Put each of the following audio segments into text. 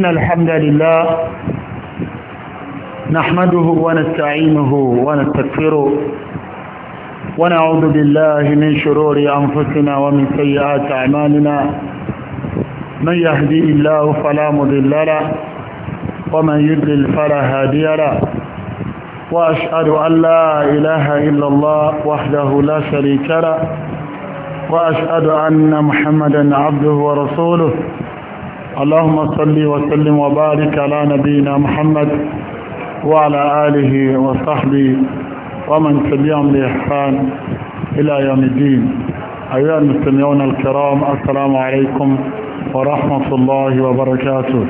إن الحمد لله نحمده ونستعينه ونستغفره ونعوذ بالله من شرور أنفسنا ومن سيئات أعمالنا من يهدي الله فلا مضل له ومن يضلل فلا هادي له وأشهد أن لا إله إلا الله وحده لا شريك له وأشهد أن محمدا عبده ورسوله اللهم صل وسلم وبارك على نبينا محمد وعلى آله وصحبه ومن تبعهم بإحسان إلى يوم الدين أيها المستمعون الكرام السلام عليكم ورحمة الله وبركاته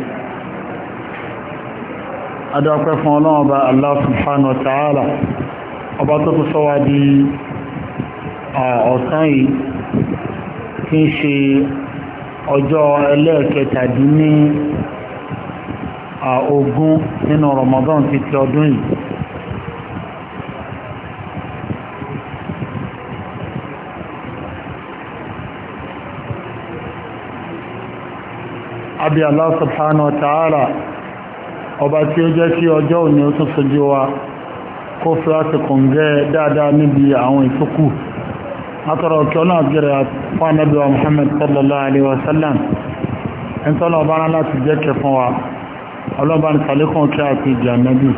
أدعوك fún نعم الله سبحانه وتعالى subhanahu wa ta'ala ọba tó ọjọ́ ẹlẹ́ẹ̀kẹtàdínní ogún nínú Ramadan ti ti ọdún yìí àbí Allah subhanahu wa ta'ala ọba tí ó jẹ́ kí ọjọ́ òní ó tún sojú wa kó fi àsìkò ń gẹ́ dáadáa níbi àwọn ìtókù atọrọ kí ọ náà gẹ̀rẹ̀ fún anábí wa Muhammad sallallahu alaihi wa sallam ń tọ́lọ ọba rán láti jẹ́ kẹ fún wa ọlọ́ba ní sàlékún kí àti ìjà nábì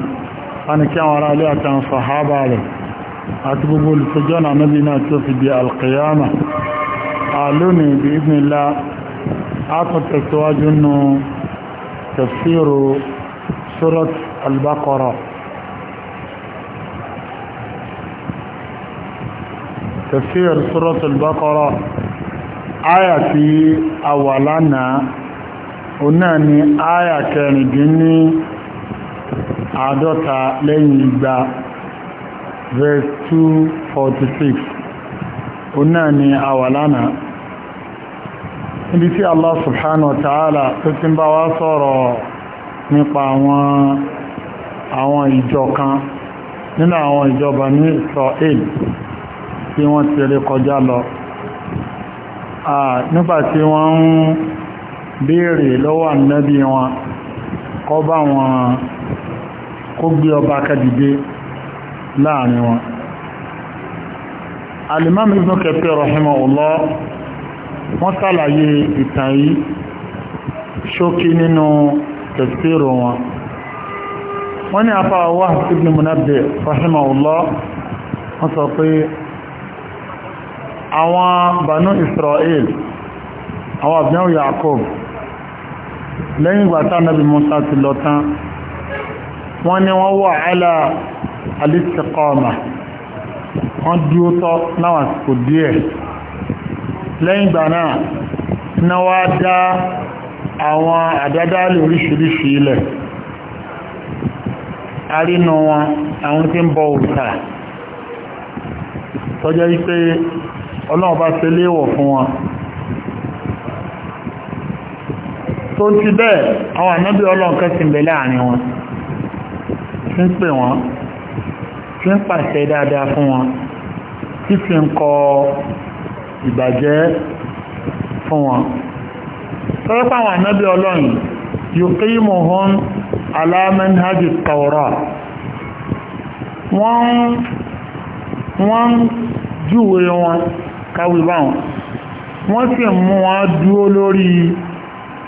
fani kí àwọn ará ilé àti àwọn sàhábà rẹ̀ àti gbogbo olùsọjọ́ náà nábì náà tí ó fi di alkiyama lónìí bí ìgbìnlá àtún tẹ̀síwájú nù tafsiru surat al تفسير سورة البقرة آية tí a wà lánàá o náà ni aya kẹrìndín verse 246 o أولانا. ni a wà lánàá níbi tí Allah subhanahu wa ta'ala tó ti ń bá wá sọ̀rọ̀ nípa àwọn àwọn kan nínú àwọn ìjọba ní Israel tí wọ́n ti rí kọjá lọ nígbà tí wọ́n ń béèrè lọ́wọ́ ànábì wọn kọ́ bá wọn kó gbé ọba kẹ́dìdé láàrin wọn alimam ibn Kathir rahimahullah wọ́n sàlàyé ìtàn yìí ṣókí nínú tafsir wọn wọ́n ní afáwọ́ ibn Munabbih rahimahullah wọ́n sọ pé àwọn bànú Israel àwọn àbíyàwó Yaakov lẹ́yìn ìgbà tá nàbí Musa ti lọ tán wọ́n ní wọ́n wà ala al-istiqama wọ́n dúró tọ́ láwọn àsìkò díẹ̀ lẹ́yìn ìgbà náà iná wá dá àwọn àdádálẹ̀ oríṣiríṣi ilẹ̀ arínú wọn àwọn tí ń bọ òòtà tọ́jọ́ wípé ọlọ́run bá ṣe léèwọ̀ fún wọn tó ti bẹ́ẹ̀ àwọn ànábì ọlọ́run kẹsìn bẹ̀ láàrin wọn tí ń pè wọ́n tí ń pàṣẹ dáadáa fún wọn tí fi ń kọ ìbàjẹ́ fún wọn tọ́rọ pàwọn ànábì ọlọ́run yuqimuhum ala manhaji Tawrah wọ́n ń júwe wọn káwí báwọn wọ́n sì mú wọn dúró lórí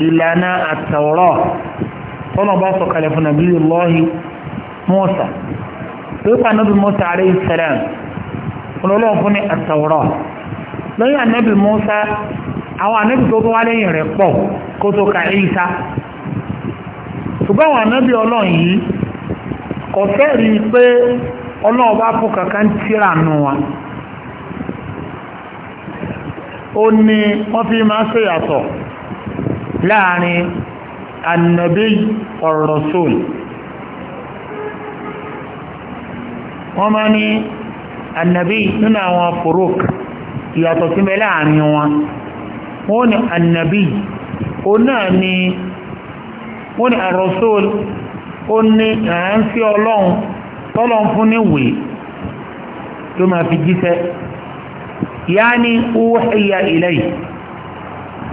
ìlànà àtàwọ̀rọ̀ tọ́nà bá sọ̀kalẹ̀ fún nàbí lọ́hì Mùsá pípa nàbí Mùsá alayhi salam ọlọ́lọ́ fún ní àtàwọ̀rọ̀ lẹ́yìn ànábì Mùsá àwọn ànábì tó tó wá lẹ́yìn rẹ̀ pọ̀ kó tó ka Ìsá ṣùgbọ́n àwọn ànábì ọlọ́run yìí kò fẹ́ rí i pé ọlọ́run bá fún kankan tíra nù wọn ó ní wọ́n fi máa ń ṣèyàtọ̀ láàrin annabi ar-rasul wọ́n máa ní annabi nínú àwọn furuk ìyàtọ̀ sí mẹ́lẹ̀ àárín wọn wọ́n ní annabi ó náà ní wọ́n ní ar ó ní ìrànṣẹ́ ọlọ́run tọ́lọ́ fún níwèé tó máa fi jíṣẹ́ yáni uhiya ilayhi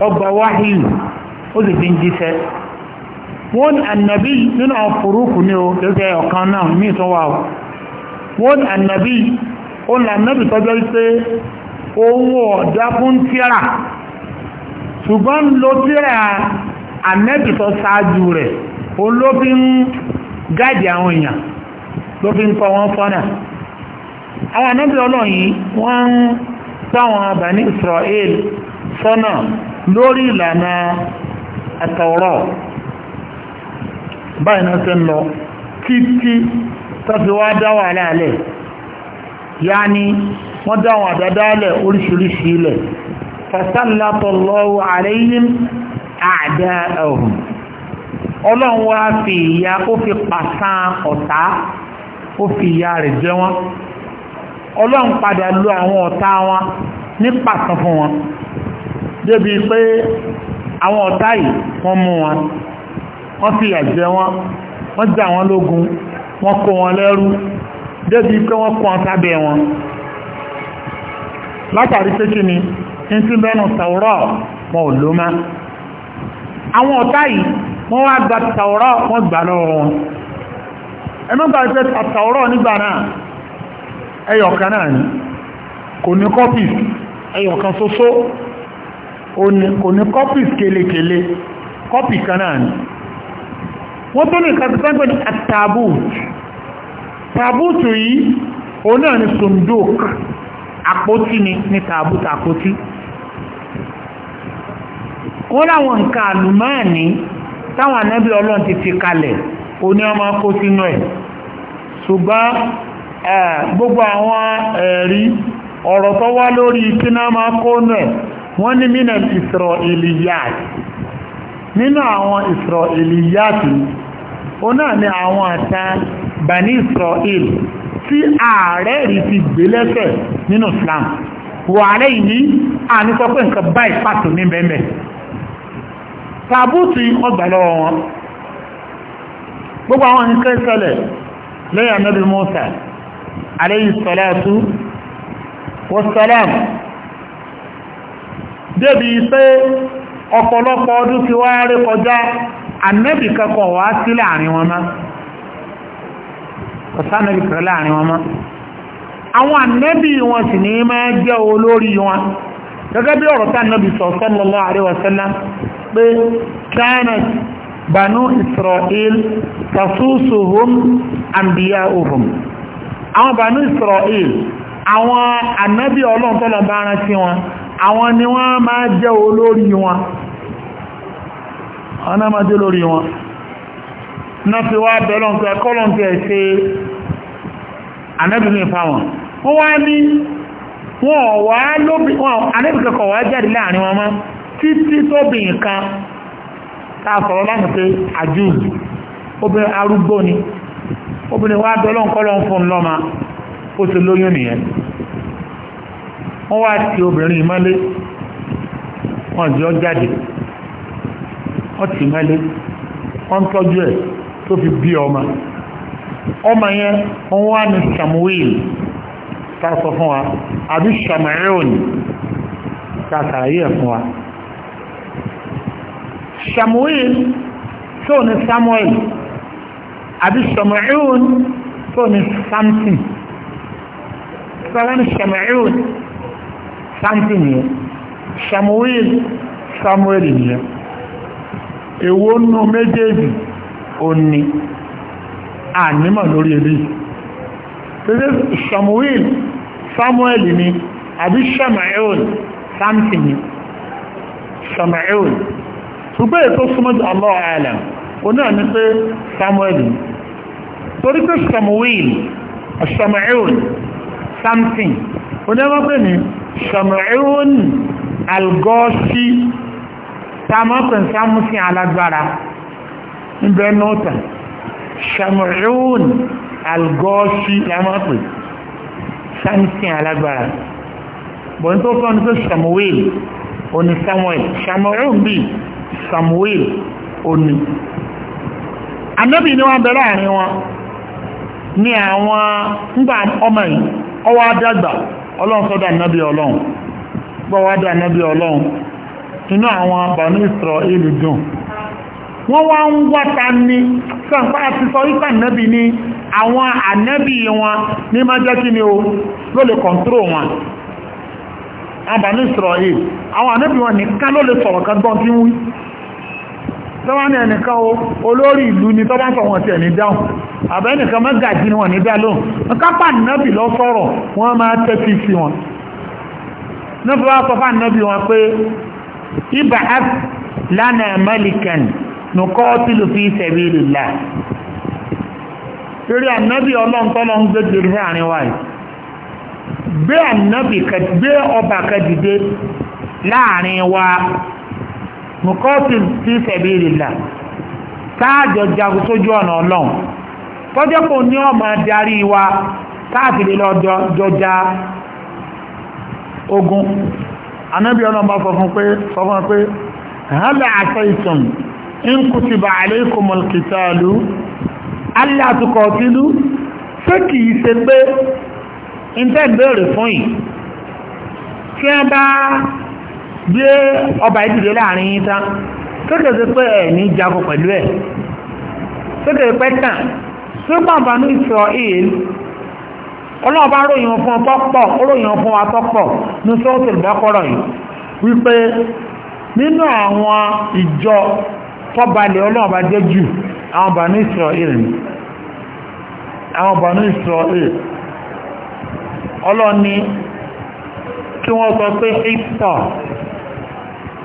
ọgbà wáhíù ó sì fi ń jíṣẹ́ wọ́n ni annabi nínú ọ̀pùrúkù ní o lóṣẹ́ ọ̀kan náà ní ìtún wà o wọ́n ni annabi ó ní annabi tọ́jọ́ pé owó ọ̀dá fún tíra ṣùgbọ́n lo tíra annabi tó ṣáájú rẹ̀ ó ló fi ń gáàdì àwọn èèyàn ló fi ń kọ́ wọn fọ́nà àwọn annabi ọlọ́yìn wọ́n ń sáwọn Bani Israel sọ́nà lórí ìlànà àtọ̀rọ̀ báyìí náà ṣe ń lọ títí tó fi wá dá wàhálà lẹ̀ yáni wọ́n dá àwọn àdádálẹ̀ oríṣiríṣi ilẹ̀ fasallatullahu alayhim a'da'ahum ọlọ́run wá fi ìyà ó fi pàṣán ọ̀tá ó fi ìyà rẹ̀ jẹ ọlọ́run padà lo àwọn ọ̀tá wọn ní pàtàn fún wọn débi pé àwọn ọ̀tá yìí wọ́n mú wọn wọ́n fìyà jẹ wọn wọ́n jà wọn lógun wọ́n kó wọn lẹ́rú débi pé wọ́n kó wọn sábẹ́ wọn látàrí pé kí ni ní tí bẹ́nu tàwọ́rọ̀ wọn ò ló má àwọn ọ̀tá yìí wọ́n wá gba tàwọ́rọ̀ wọ́n gbà lọ́wọ́ wọn ẹ̀mọ́gbà ìfẹ́ tàwọ́rọ̀ nígbà náà ẹyọ̀kan náà ni kò ní copies ẹyọ̀kan soso kò ní copies kelekele copy kan náà ni wọ́n tó lè kàtàkùn ní àtàbùt tàbùtù yìí òun náà ni sunduk àpótí ni ní tàbùtù àpótí wọ́n láwọn nǹkan àlùmáàní táwọn anábì ọlọ́run ti fi kalẹ̀ òun ni wọ́n máa kó sínú ẹ̀ ṣùgbọ́n gbogbo àwọn ẹ̀rí ọ̀rọ̀ tó wá lórí kíná máa kó nẹ̀ wọ́n ní mínà Isra'iliyat nínú àwọn Isra'iliyat O náà ni àwọn àta Bani Isra'il tí ààrẹ rí ti gbé lẹ́sẹ̀ nínú Islam wà rẹ̀ yìí a ní sọ pé nǹkan báyìí pàtó ní bẹ́ẹ̀ tàbútù ọgbà lọ́wọ́ wọn gbogbo àwọn nǹkan ṣẹlẹ̀ lẹ́yìn anábì Musa عليه الصلاة والسلام. débi pé ọ̀pọ̀lọpọ̀ ọdún ti wá rí kọjá ànábì kankan wá sí láàrin wọn má ọ̀sán ànábì kankan láàrin wọn má àwọn ànábì wọn sì ní máa jẹ́ olórí wọn gẹ́gẹ́ bí ọ̀rọ̀ tán nábi sọ sallallahu alaihi pé kánà banu israel tasusuhum anbiya'uhum àwọn Banu Israel àwọn ànábì ọlọ́run tọ́lọ bá rán sí wọn àwọn ni wọ́n máa jẹ́ olórí wọn àwọn náà máa jẹ́ olórí wọn náà fi wá bẹ̀lọ́nkẹ́ kọ́lọ́nkẹ́ ṣe ànábì mi fáwọn wọ́n wá ní wọ́n wọn obìnrin wá dọ́lọ́ kọ́lọ́ fún lọ́mà ó ti lóyún nìyẹn wọ́n wá ti obìnrin mọ́lé wọ́n jọ jáde wọ́n ti mọ́lé wọ́n ń tọ́jú ẹ̀ tó fi bí ọmọ ọmọ yẹn wọ́n wá ní samuel tá a sọ fún wa àbí samuel tá a sàlàyé ẹ̀ fún wa samuel tó ní samuel. samuel àbí sọmọ̀ẹ́hùn tó ní samson sọlá ní sọmọ̀ẹ́hùn samson yẹn samuel samuel yẹn èwo nù méjèèjì òní ànímọ̀ lórí ebi tẹ́lẹ̀ samuel samuel ni àbí sọmọ̀ẹ́hùn samson yẹn sọmọ̀ẹ́hùn ṣùgbọ́n ètò súnmọ́jọ́ allah alam onáà ní pé samuel yẹn torí pé samuel samuel samson onígbàgbé ni samuel algosi tamọ́pẹ̀ samusin alágbára níbẹ̀ nọ́ọ̀tà samuel algosi tamọ́pẹ̀ samusin alágbára bọ̀n tó fọ́n tó samuel oní samuel samuel bíi samuel oní anábì ni wọ́n bẹ̀rẹ̀ àárín wọn ní àwọn ńgbà ọmọ yìí ọwọ́ adágbà ọlọ́run sọ́dọ̀ ànábì ọlọ́run gbọ́wọ́ adá ànábì ọlọ́run inú àwọn bọ̀ní ìsọ̀rọ̀ ìlú dùn wọ́n wá ń wáta ní sọ́npá àti sọ wípé ànábì ní àwọn ànábì wọn ní má jẹ́ kí ni o ló lè kọ̀ǹtúrò wọn àbàní ìsọ̀rọ̀ yìí àwọn ànábì wọn nìkan ló lè sọ̀rọ̀ kan gbọ́n tí ń wí tọ́wọ́n ní ẹnìkan olórí ìlú ni tọ́bá sọ̀wọ́n ti ẹ̀ní dáhùn àbẹ́nìkan mọ́gàjí ni wọ́n ní dá lóhùn kápá nẹ́bì lọ sọ̀rọ̀ wọ́n máa tẹ́tí sí wọn nẹ́bì wá sọ fáà nẹ́bì wọn pé ibà lánà mẹ́lìkàn nùkọ́ tìlù fi sabilillah torí ànẹ́bì ọlọ́ntọ́lọ́ ń gbégbèrè láàrin wáyé gbé ànẹ́bì gbé ọba kẹdìdé láàrin wa mukotin fi sabilillah káàjọ jagun sójú ọ̀nà ọlọ́run tọ́jọ́ kò ní ọmọ darí wa káàkiri lọ jọjà ogun anábì ọlọ́run bá sọ fún pé sọ fún pé hálà àtẹ́ìtùn in kutiba alaykumul qitalu alla tuqatilu ṣé kìí ṣe pé ń tẹ́ ìbéèrè fún yìí tí wọ́n bá bí ọba ìdílé láàrin yín tán kékeré pé ẹ̀ ní jago pẹ̀lú ẹ̀ kékeré pé tàn tí bàbá ní ìsọ̀ ìl ọlọ́run bá ròyìn fún tọ́pọ̀ ròyìn fún wa tọ́pọ̀ ní sọ́ọ̀tì ìbọ́kọ̀rọ̀ yìí wípé nínú àwọn ìjọ tọ́balẹ̀ ọlọ́run bá jẹ́ jù àwọn bà ní ìsọ̀ ìl àwọn bà ní ìsọ̀ ìl ọlọ́ni kí wọ́n sọ pé ìsọ̀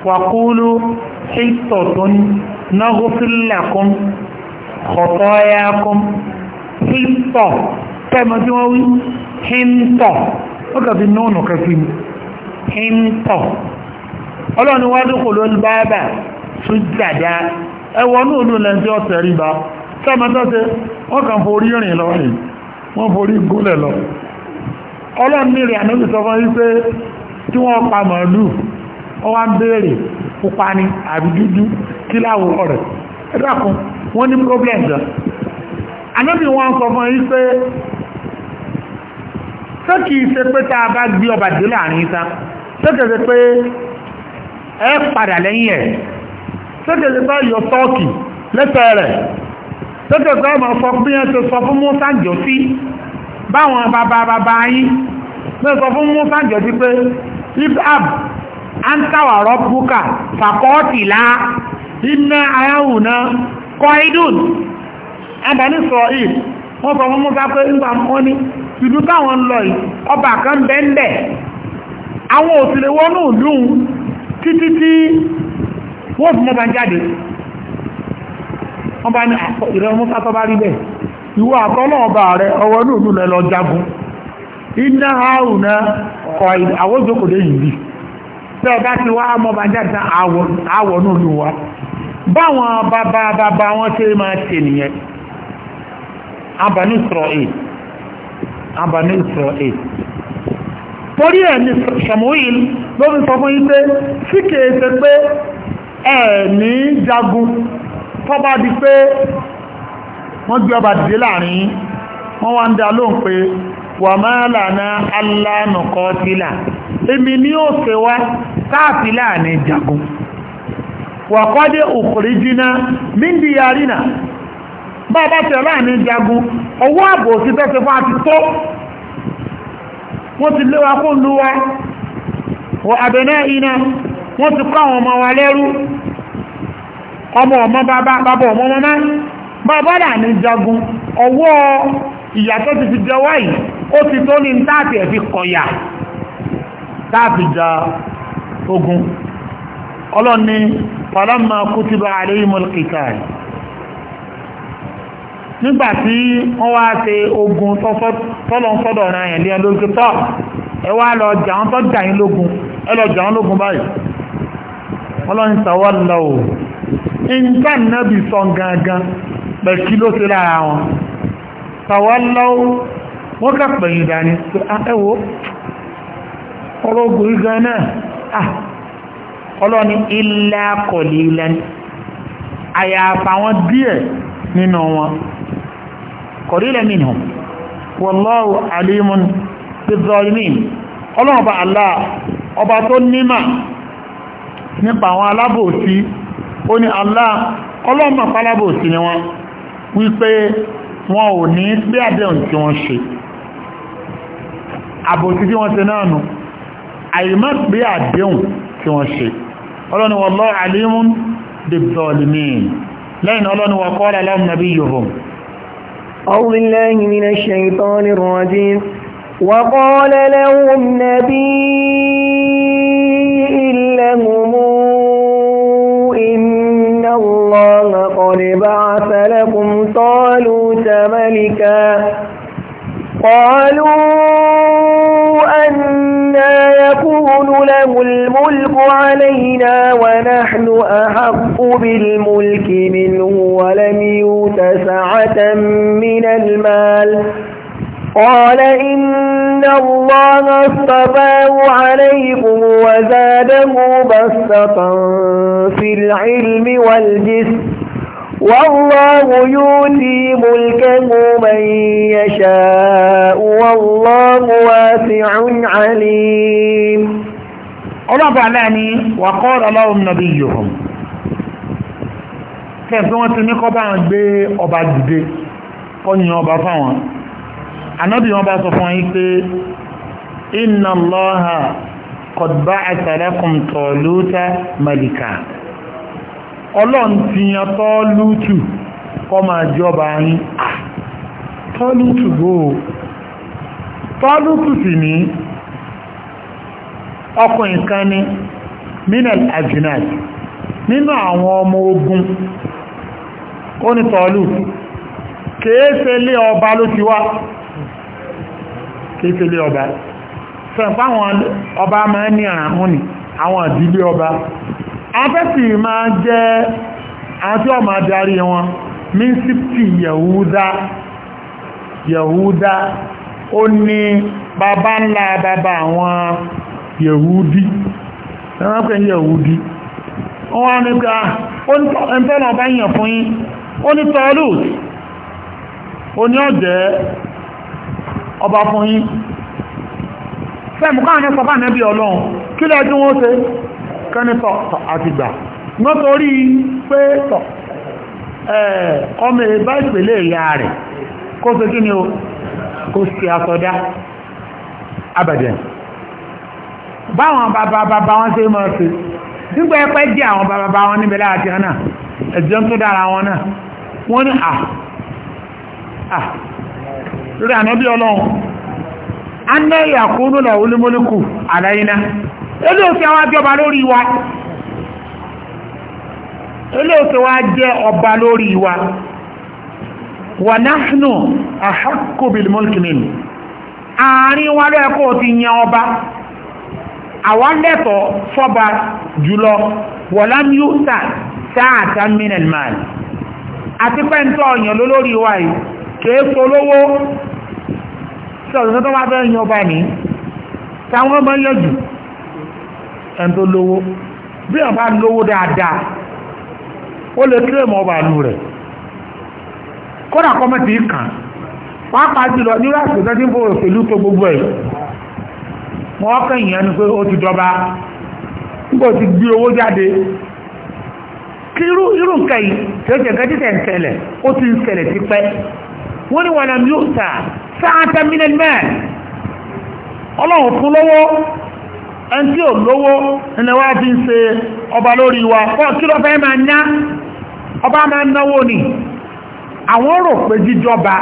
وقولوا حصة نغفر لكم خطاياكم حصة كما تقول حنطة وكذا النون كثير حنطة ọlọ́ni wá dúkò ló báábà tó jàdá ẹwọ ní olú lẹ́ntí ọ̀tẹ̀ rí bá sọ́mọ́tọ́tẹ́ wọ́n kàn forí rìn lọ rìn wọ́n forí gúnlẹ̀ lọ ọlọ́ni rẹ̀ ànúbìsọ fún wípé tí wọ́n pa ọ wá ń béèrè pupa ni àbí dúdú kí láwọ̀ rẹ̀ ẹ̀dá kan wọ́n ní problem gan anábì wọn sọ fún yí pé ṣé kì í ṣe pé tá a bá gbé ọba dé láàrin ta ṣé kì í ṣe pé ẹ padà lẹ́yìn ẹ̀ ṣé kì í ṣe pé yọ tọ́ọ̀kì lẹ́sẹ̀ rẹ̀ ṣé kì í ṣe pé ọmọ sọ bí wọ́n ṣe sọ fún Mùsá jọ sí báwọn bàbá bàbá yín ló sọ fún Mùsá jọ sí pé ibrahim antawa rọ́bùkà fàkọ́ọ̀tìlá iná ayáhùná kọ́ìdùn ẹbẹ̀ní sọ wọ́n sọ fún mọ́sá pé nígbà wọ́n ní ìlú táwọn ń ọba kan bẹ́ńbẹ̀ àwọn òsìlè wọnú ìlú títí tí wọ́n fi mọ́sá jáde wọ́n bá ní ah, ìrẹ́ mọ́sá tó bá rí tẹ́ ọ̀dá ti wá mọ́ bá jáde tán àwọ̀ ní olú wa báwọn bàbá bàbá wọn ṣe máa ṣe nìyẹn abàní Israel abàní Israel torí ẹ̀ ní Samuel ló fi sọ fún yín pé tí kìí ṣe pé ẹ̀ ní jagun tó bá di pé wọ́n gbé ọba dìde láàrin wọ́n wá ń dá lóhùn pé wàmálà náà alánùkọ́ sílà èmi ní òkè wá káàfi láàrin jagun wàkọ́dé òkèrè jíná míndì yàrínà bá bá tẹ̀ láàrin jagun ọwọ́ àbò sí tẹ́sẹ̀ fún àti tó wọ́n ti léwa kó lú wa wọ àbẹ̀nẹ́ iná wọ́n ti kọ́ àwọn ọmọ wa lẹ́rú ọmọ ọmọ bàbá bàbá ọmọ mọ́mọ́ bàbá láàrin jagun ọwọ́ ìyàtọ̀ ti fi jẹ wáyìí ó ti tó ní táàtì ẹ̀ kọ̀yà táàfìjà ogun ọlọ́ni falamma kutiba alayhimul qital nígbàtí wọ́n wá ṣe ogun tọ́lọ̀ ń sọ́dọ̀ ọ̀rọ̀ àyàn lé lórí tọ́ ẹ wá lọ jà wọ́n tọ́ jà yín lógun ẹ lọ jà wọ́n lógun báyìí ọlọ́ni sàwọ́ lọ ò nǹkan náà bí sọ gangan pẹ̀kí ló ṣe lára wọn sàwọ́ lọ wọ́n kà pẹ̀yìn dání ẹ̀wọ́ ọ̀rọ̀ ògùn gan náà ah, ọlọ́ni ilẹ̀ akọ̀lì ilẹ̀ àyàfà wọn díẹ̀ nínú wọn kọ̀rílẹ̀ mìíràn wallahu alimun bizalimin ọlọ́ọ̀bà Allah ọba tó nímà nípa àwọn alábòsí ó ní Allah ọlọ́ọ̀mà pálábòsí ni wọ́n wípé wọn ò ní pé àdéhùn tí wọ́n ṣe àbòsí tí wọ́n ṣe náà nù àìmọ́ pé àdéhùn tí wọ́n ṣe ọlọ́ni wallahu alimun bizzalimin lẹ́yìn ọlọ́ni wa qala lahum nabiyyuhum أعوذ بالله من الشيطان الرجيم وقال لهم نبي لهم إن الله قد بعث لكم طالوت ملكا قالوا أن يكون له الملك علينا ونحن أحق بالملك منه ولم يوت سعة من المال قال إن الله اصطفاه عليكم وزاده بسطا في العلم والجسم والله يؤتي ملكه من يشاء والله واسع عليم ọlọ́pàá aláàní wàkọ́ọ̀rọ̀ ọlọ́run nàbí yòhùn kẹfẹ́ wọ́n ti ní kọ́ bá ń gbé ọba dìde kọ́yìn ọba fáwọn anábì wọn bá sọ fún yí pé inna Allaha qad ba'atha lakum Taluta malika ọlọ́run ti yan tọ́lútù kọ́ máa jọba yín tọ́lútù gbò tọ́lútù sì ní ọkùnrin kan ní minel ajinat nínú àwọn ọmọ ogun ó ní tọ́lútù kèése lé ọba ló ti wá kèése lé ọba sẹ́ǹpá àwọn ọba máa ní àrùn ní àwọn ìdílé ọba afẹ́sì máa jẹ́ àti ọmọ adarí wọn mínísítì yẹ̀húdá yẹ̀húdá ó ní bàbá ńlá bàbá àwọn yẹ̀húdí ẹran pé yẹ̀húdí wọ́n wá ní pé ẹ̀ntọ́nà ah, bá yàn fún yín ó ní tọ́lùt ó ní ọ̀jẹ́ ọba fún yín fẹ́mù káwọn ní sọ bá nẹ́bí ọlọ́run kí lẹ́ẹ̀dún wọ́n ṣe kẹ́nitọ̀ àtìgbà wọ́n torí pé tọ̀ ọmọ ìbá ìpèlè ìyá rẹ̀ kó ṣe kí ni o kó ṣe àsọdá abàdàn báwọn bàbá bàbá wọn ṣe mọ́ sí nígbà ẹpẹ́ jẹ́ àwọn bàbá bàbá wọn níbẹ̀ láti hàn náà tó dára wọn náà wọ́n ní à à ànábí ọlọ́run anẹ́yà kúrò lọ́wọ́ olúmọ́lẹ́kù àdáyíná olóòfin wa jẹ́ ọba lórí wa olóòfin wa jẹ́ ọba lórí wa wà náhánù àhákòbìlì mọ́lìkìmìnì àárín wa lẹ́ẹ̀kọ́ ti yan ọba àwọn lẹ́tọ̀ fọ́ba jùlọ wọ̀lámíútà sáàtà mínẹ̀lmáì àti pẹ́ntọ́ ọ̀yàn lólórí wa yìí kèé polówó tí ọ̀dọ̀ tó bá fẹ́ yan ọba ní táwọn ọmọ yọjù ẹni lówó bí wọ́n lówó dáadáa ó lè kílèmù ọba àlù rẹ̀ kódà kọ́mẹ́tì kàn pàápàá jùlọ nírú àsìkò tó ti tó gbogbo ẹ̀ wọ́n kẹ́yìn ẹni pé ó ti dọba nígbà ti gbé owó jáde kí irú irú nǹkan tí ó jẹ́ gẹ́gẹ́ ń ó ti ń ti pẹ́ wọ́n ní wàhálà mi ò sà sáà ọlọ́run fún lọ́wọ́ ẹn olowo ò lówó ilẹ̀ fi ń ṣe ọba lórí wa fọ́n kí ló fẹ́ ń ná ọba ma ń náwó ni àwọn rò pé jíjọba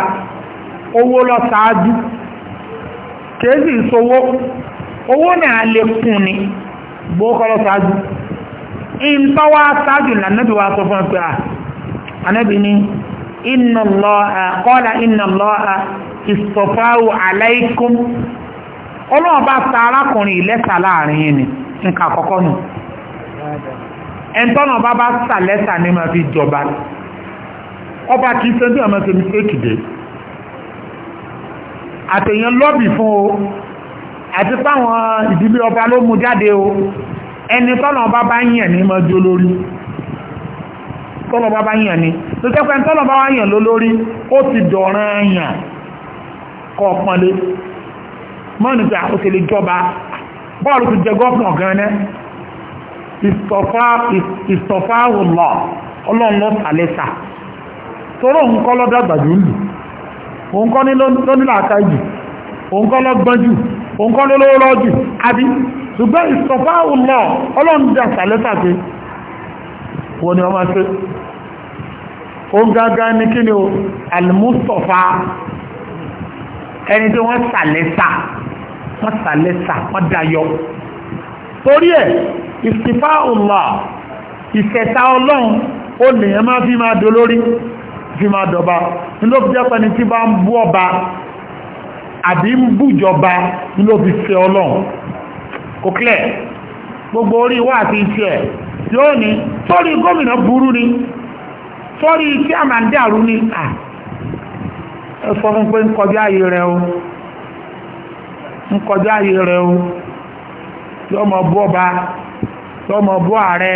owó lọ ṣáájú kèésì ìṣòwò owó náà lè kún ni gbókọ́ lọ ṣáájú ìntọ́wà ṣáájú lànàbí wa sọ fún ọ̀pẹ́ ànàbí ni inna Allah inna ọlọ́run bá ta arákùnrin ìlẹ́sà láàrin yìí ni nǹkan àkọ́kọ́ nù ẹ̀ńtọ́nà bá bá sà lẹ́sà ní ma fi jọba ọba kìí ṣe bí ọmọ ṣe mistake dé àtẹ̀yàn lọ́bì fún o àti fáwọn ìdílé ọba ló mú jáde o ẹni tọ́nà ọba bá yàn ní ma jó lórí tọ́nà ọba bá yàn ní tó jẹ́ pé tọ́nà ọba wá yàn lólórí ó ti dọ̀ràn yàn kọ́ pọ́nlé mọ́nìtà ó ti lè jọba bọ́ọ̀lù ti jẹ gọ́ọ̀nà gan-an ìstọ̀fà ọlọ́ ọlọ́ọ̀lọ́ sàlẹ́sà tọ́rọ òun kọ́ lọ́dàgbà jù ń lù òun kọ́ ní lónílàáta jù òun kọ́ lọ́gbọ́n jù òun kọ́ lọ́lọ́rọ́ jù àbí ṣùgbọ́n ìstọ̀fà ọlọ́ ọlọ́ọ̀dà sàlẹ́sà pé wọ́n ni wọ́n máa ṣe ó gágá ní kí ni o almustapha ẹni tí wọ́n pátálẹ́sà pádayọ torí ẹ̀ ìsìfá ọ̀la ìfẹ̀ta ọlọ́run ó lèyàn máa fi máa dolórí fi máa dọ̀ba nílò fi jẹ́pẹ́ ni tí bá ń bú ọba àbí ń bújọba nílò fi fẹ́ ọlọ́run kò clear gbogbo orí wà àti iṣẹ́ ẹ̀ yóò ní sọ́rí gómìnà burú ni sọ́rí tí a máa ń dàrú ni ẹ sọ fún pé ń kọjá ayé rẹ o ń kọjá ayé rẹ̀ o yóò mọ bú ọba yóò mọ bú ààrẹ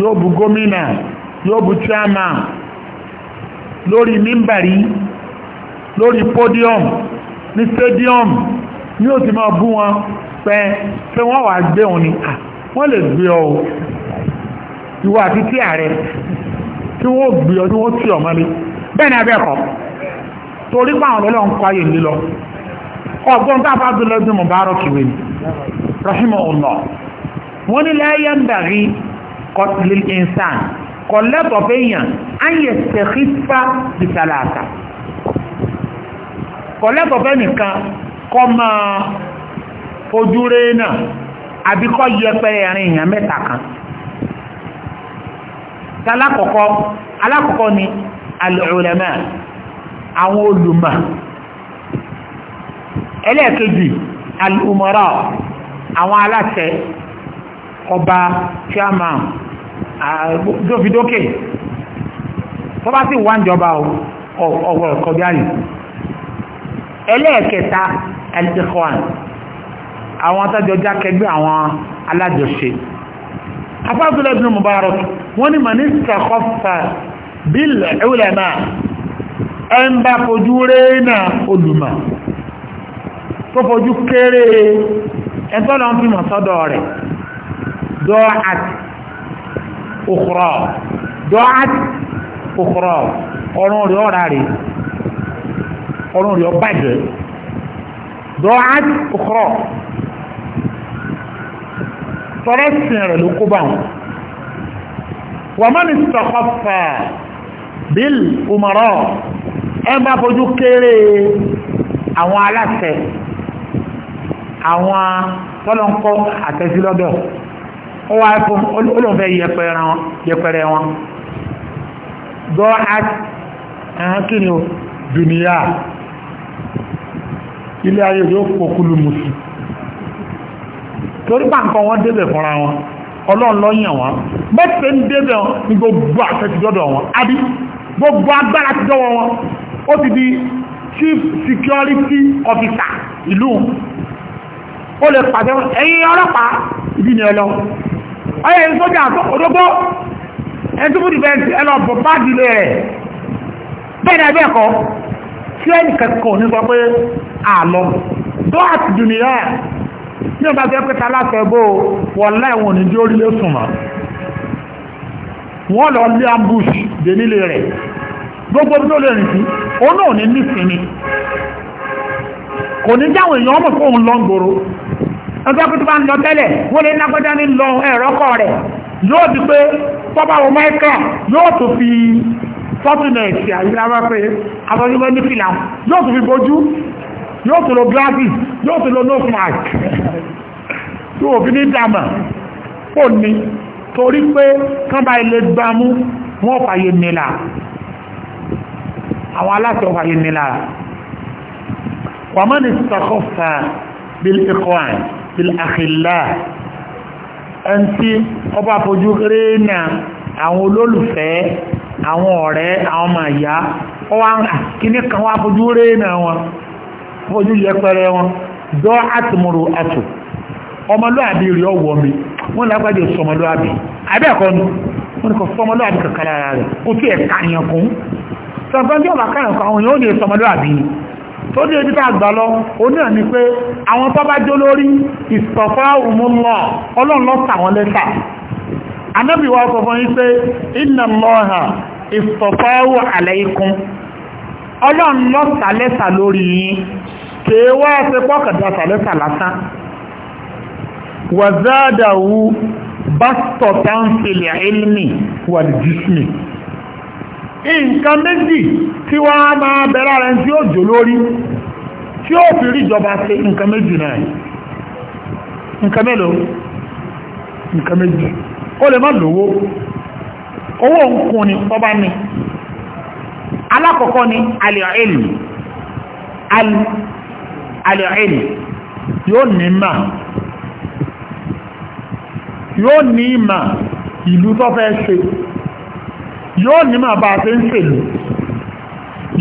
yóò bú gómìnà yóò bú chairman lórí mímbàrí lórí podium ní stadium ní ó ti máa bú wọn pé pé wọ́n wàá gbé òun ni wọ́n lè gbé ọ o ìwọ àti tí ààrẹ tí wọ́n gbé ọ tí wọ́n tì ọ mọ́lé bẹ́ẹ̀ ni abẹ́ẹ̀kọ́ torí pàwọn ọlọ́run kọ ayé mi lọ ọgbọ́n tábà Abdullah ibn Mubarak wé ní rahimahullah wọ́n ní la yanbaghi lil insan kò lẹ́tọ̀ fẹ́yàn an yastakhifa bi thalatha kò lẹ́tọ̀ fẹ́ nìkan kọ́ máa fojú rẹ̀ náà àbí kọ́ yẹpẹ́ ẹ̀rin èèyàn mẹ́ta kan alákọ̀ọ́kọ́ ni al-ulama àwọn olùmọ̀ ẹlẹ́ẹ̀kejì alùmọ̀rá àwọn aláṣẹ ọba chairman àgbófidókè tó bá sì wá ń jọba ọwọ́ ọ̀kọ̀bí àyè ẹlẹ́ẹ̀kẹta ẹlẹ́tẹ̀kọ́n àwọn tọ́jọ jákẹgbẹ́ àwọn alájọṣe afábílẹ̀ ibn Mubarak wọ́n ni manista kọfà bíl ulama ẹ̀ ń bá fojú rẹ́ náà olùmọ̀ tó fojú kéré ẹgbọ́nà ń fìmọ̀ sọ́dọ̀ rẹ̀ dọ́ọ̀t òkúrọ̀ dọ́ọ̀t òkúrọ̀ ọ̀run rẹ̀ ọ̀rà rẹ̀ ọ̀run rẹ̀ ọ̀bàjẹ́ dọ́ọ̀t òkúrọ̀ tọ́lẹ́sìn rẹ̀ ló kó bá wọn wàmọ́ni sọ̀kọ́fà bíl umarọ́ ẹ bá fojú kéré àwọn aláṣẹ àwọn tọ́lọ́nkọ́ àtẹ́sílọ́dọ̀ ó wá fún olóòfẹ́ yẹpẹrẹ wọn gọ́ àkíni dùnìyà ilé ayé yóò pọ̀kúlù mùsù torí bá nǹkan wọn débẹ̀ fúnra wọn ọlọ́run lọ́yìn wọn bẹ́ẹ̀ ń débẹ̀ wọn ní gbogbo àtẹ́sílọ́dọ̀ wọn àbí gbogbo agbára ti dọ́wọ́ wọn ó ti di chief security officer ìlú ó lè pàṣẹ ẹ̀yin ọlọ́pàá ìdí ni ọlọ́ ọyẹ sójà òdógbó ẹtúbù dìbẹ́ǹtì ẹlọ bọ̀ bá dìlé rẹ̀ bẹ́ẹ̀ ni ẹgbẹ́ ẹ̀kọ́ tí ẹnì kẹ́kọ̀ọ́ nípa pé àlọ́ dọ́àtì dùnìyà ní ọba tó yẹ pé taláṣẹ bó wọ́n láìwọ̀n ní dí orílẹ̀ sùnmọ́ wọ́n lọ lé ambush dé nílé rẹ̀ gbogbo tó lè rìn sí òun náà ní nísìnyí kò ní jáwọn èèyàn ọmọ fóun lọ́ngboro ọjọ́ pé tó bá ń lọ tẹ́lẹ̀ wọ́n lè nágbọ́dá ní lọ ẹ̀rọ kọ rẹ̀ yóò di pé tọ́ba wo mẹ́kà yóò tó fi fọ́túnẹ̀tì àyíláwá pé abọ́júmọ́ ní fìlà yóò tó fi bojú yóò tó lo glasses yóò tó lo nose mask tó òfin ní dàmà pò ní torí pé kánbà ilé gbámú wọ́n fàyè nílà àwọn aláṣẹ fàyè nílà wàmọ́ni sàkọ́fà bí ẹ̀kọ́ àìsí àkìlá ẹn tí ọba fojú rénà àwọn olólùfẹ́ àwọn ọ̀rẹ́ àwọn ọmọ ìyá ọwá kíní kan wá fojú rénà wọn fojú yẹpẹrẹ wọn dọ́ àtìmọ̀rọ̀ àtò ọmọlúàbí rí ọwọ́ mi wọ́n lágbàdì sọmọlúàbí abẹ́ẹ̀kọ́nu wọ́n ni kò sọmọlúàbí kàkàlára rẹ̀ kò tí ẹ̀ kàyànkún sọ̀gbọ́n tí ọba kàyànkún àwọn èèyàn ò lè tó dé ibi tá àgbà lọ ó náà ni pé àwọn tó bá jó lórí ìsọ̀fá òmùlọ ọlọ́run ló lẹ́sà anábì wa sọ fún yín pé inna Allaha ìsọ̀fáwò alaykum ọlọ́run ló sà lẹ́sà lórí yín kèé wá ṣe pọ́kàdá sà ilmi wal jismi nǹkan méjì tí wọ́n a máa bẹ̀rẹ̀ rẹ̀ tí ó jò lórí tí ó fi rí ìjọba ṣe nǹkan méjì náà nǹkan mélòó nǹkan méjì ó lè má lówó owó òǹkùn ni ọba ni alákọ̀ọ́kọ́ ni alìọ̀ẹ́lì alìọ̀ẹ́lì yóò ní mà yóò ní mà ìlú tó ṣe yóò ní máa bá a ṣe ń ṣèlú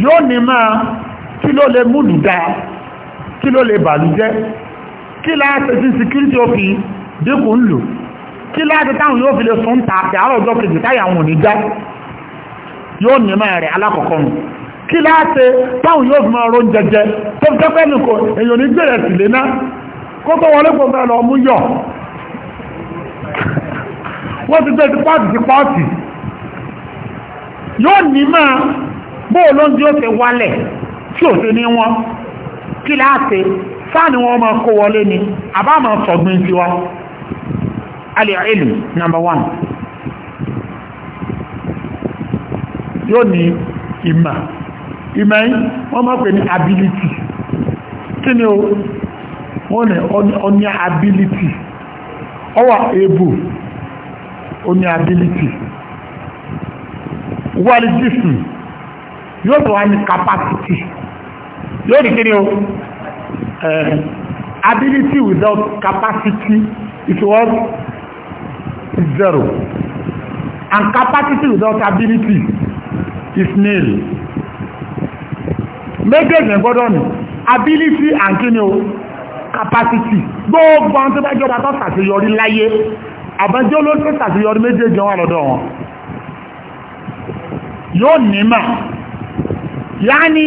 yóò ní máa kí ló lè múlù dáa kí ló lè bàlú jẹ́ kí láti sí security òfin dínkù ń lò kí láti táwọn yóò fi lè sún ta àti àárọ̀ ọjọ́ kejì táyà wọn ò ní já yóò ní máa rẹ̀ alákọ̀ọ́kọ́ nù kí láti táwọn yóò fi máa rón jẹjẹ tó fi tẹ́fẹ́ nìkan èèyàn ní gbèrè sí lé ná kó tó wọlé gbogbo ẹ̀ lọ mú yọ wọ́n ti gbé ti pọ́ọ̀tì ti pọ́ọ̀tì yóò ní máa bóò ló ń di ó wálẹ̀ tí ò sí ní wọn kí láti sáàni wọn máa kó wọlé ni àbá máa sọ̀gbìn sí one yóò ní ìmà ìmà yìí wọ́n máa pè ní kí ni o wọ́n ní ọwà wọ́n jísù yóò tó wá ní capacity yóò rí kí ni o eh, ability without capacity it was zero and capacity without ability is nil méjèèjì gbọ́dọ̀ ní ability and kí ni o capacity gbogbo àwọn tó bá jọba tó ṣàṣeyọrí láyé àbájọ́ ló ń ṣàṣeyọrí méjèèjì wọn lọ́dọ̀ wọn yóò nímà yáni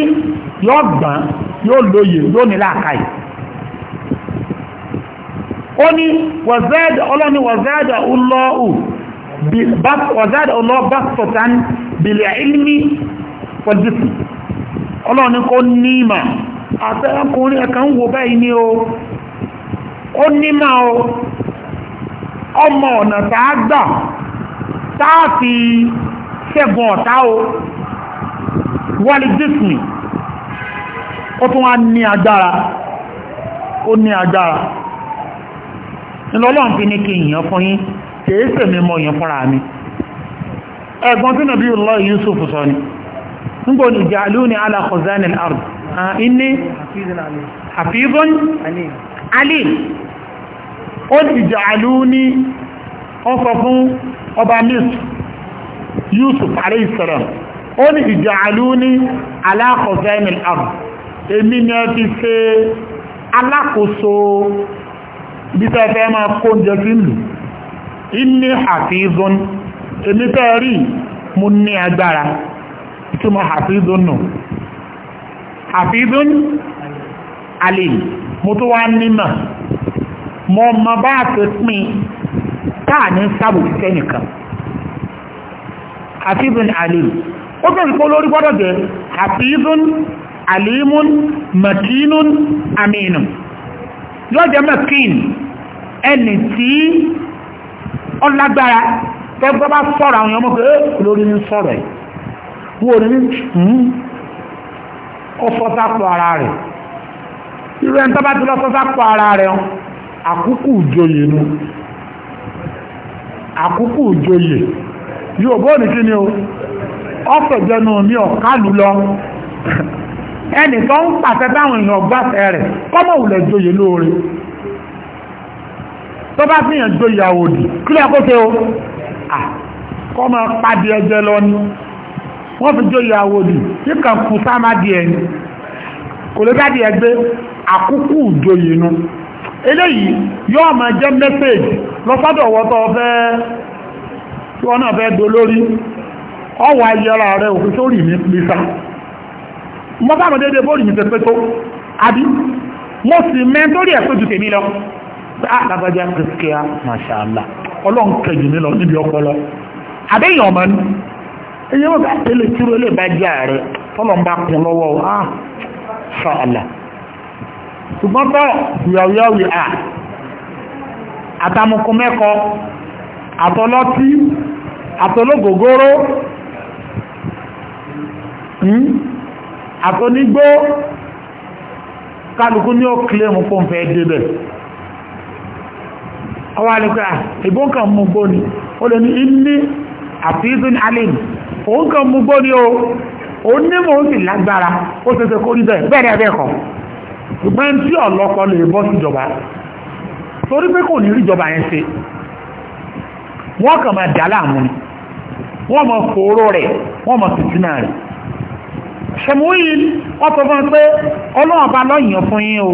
yóò gbọ́n yóò lóye yóò ní làákàyè ó ní wazada ọlọ́ni wazada ọlọ́ọ̀ wazada ọlọ́ọ̀ bá sọ̀tán bìlẹ̀ ilmi fọ́dísì ọlọ́ni kó nímà àtẹ́kùnrin ẹ̀kà ń wo báyìí ní o ó o ọmọ ọ̀nà tàá gbà ṣẹ́gun ọ̀tá o wọ́lì disney ó tún wá ní agbára ó ní agbára ìlọ́lọ́n fi ní kí èèyàn fún yín kìí sèmi mọ èèyàn fúnra mi ẹ̀gbọ́n tí nàbí Allah Yusuf sọ ni nígbò ní ij'aluni ala khazanil ard inni hafizun alim ó ti ij'aluni ó sọ fún ọba Misr Yusuf aleyhisselam ó ní ij'aluni ala khaza'inil ard èmi ni ẹ ti ṣe alákòóso bí tẹ́ fẹ́ máa kó oúnjẹ sí ìlú inni hafizun èmi tẹ́ rí mo ní agbára ìtumọ̀ hafizun nù hafizun alim mo tó wá nímọ̀ mo mọ bá a ti pín táà ní sábò kíkẹ́ hafizun alim ó bẹ̀rẹ̀ pé olórí gbọ́dọ̀ jẹ́ hafizun alimun makinun aminun yóò jẹ́ makin ẹni tí ó lágbára tẹ́gbọ́ bá sọ̀rọ̀ àwọn ọmọ pé eh, olórí ń sọ̀rọ̀ ẹ̀ wọ́n ní hmm? ó fọ́sápọ̀ ara rẹ̀ irú ẹni tó bá ti lọ fọ́sápọ̀ ara rẹ̀ àkúkù ìjòyè nu àkúkù ìjòyè yóò bó ní kí ni o ọ̀pọ̀ jẹnu mi ò kálù lọ ẹnìkan ń pàṣẹ táwọn èèyàn gbàṣẹ rẹ̀ kọ́mọ̀ wùlẹ̀ joyè lóore tó bá fihàn joyè àwòdì kí lè kó ṣe o kọ́mọ̀ pàdé ẹjẹ lọ ni wọ́n fi joyè àwòdì kíkan kù sáà má di ẹni kò lè bá di ẹgbẹ́ àkókò joyè nu eléyìí yóò máa jẹ́ mẹ́sẹ̀jì lọ́sọ́dọ̀ wọ́tọ̀ fẹ́ẹ́ tí wọ́n náà fẹ́ dolórí ọwọ́ ayẹra rẹ̀ òfin sórí mi pèsà mo sáàmù dédé bóòlù ní pẹ́pẹ́ tó àbí mo sì mẹ́ torí ẹ̀ tèmi lọ ah, mi lọ níbi ọpọlọ ọmọ bá ah, tẹ́lẹ̀ tí ó lè bá jẹ́ ààrẹ tọ́lọ̀ ń bá kún ah ṣùgbọ́n bọ́ à ah, àtàmùkù mẹ́kọ̀ọ́ àtọlọ́tí àtọlógógóró hmm, àtọnígbó kálukú ní ó kílé mú fún fẹ́ débẹ̀ ọwọ́ alẹ́kọ́ ìbọn kan mú gbó ni ó lè ní ilé àfíìsìn alìm òun kan mú gbó ni o òun ní mò ń sì lágbára ó ṣe ṣe kó rí bẹ́ẹ̀ bẹ́ẹ̀ bẹ́ẹ̀ kọ́ ṣùgbọ́n tí ọ̀lọ́pọ̀ lè bọ́ síjọba torí pé kò ní ríjọba yẹn ṣe wọ́n kàn máa dà láàmú ni wọ́n mọ̀ fòró rẹ̀ wọ́n mọ̀ fìtínà rẹ̀ ṣẹ̀múyìn ọ̀tọ̀ fún pé ọlọ́run bá lọ́yìn fún yín o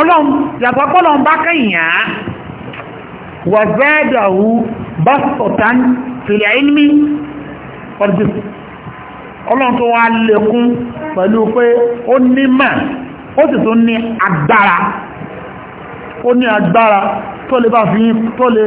ọlọ́run yàgbọ́ pọ́lọ́run bá kẹ̀yìn á wà zẹ́ẹ̀dàwù bá sọ̀tàn fìlẹ̀ ilmi ọdún ọlọ́run tó wá lékún pẹ̀lú pé ó ní mà ó sì tún ní agbára ó ní agbára tó lè bá fi tó lè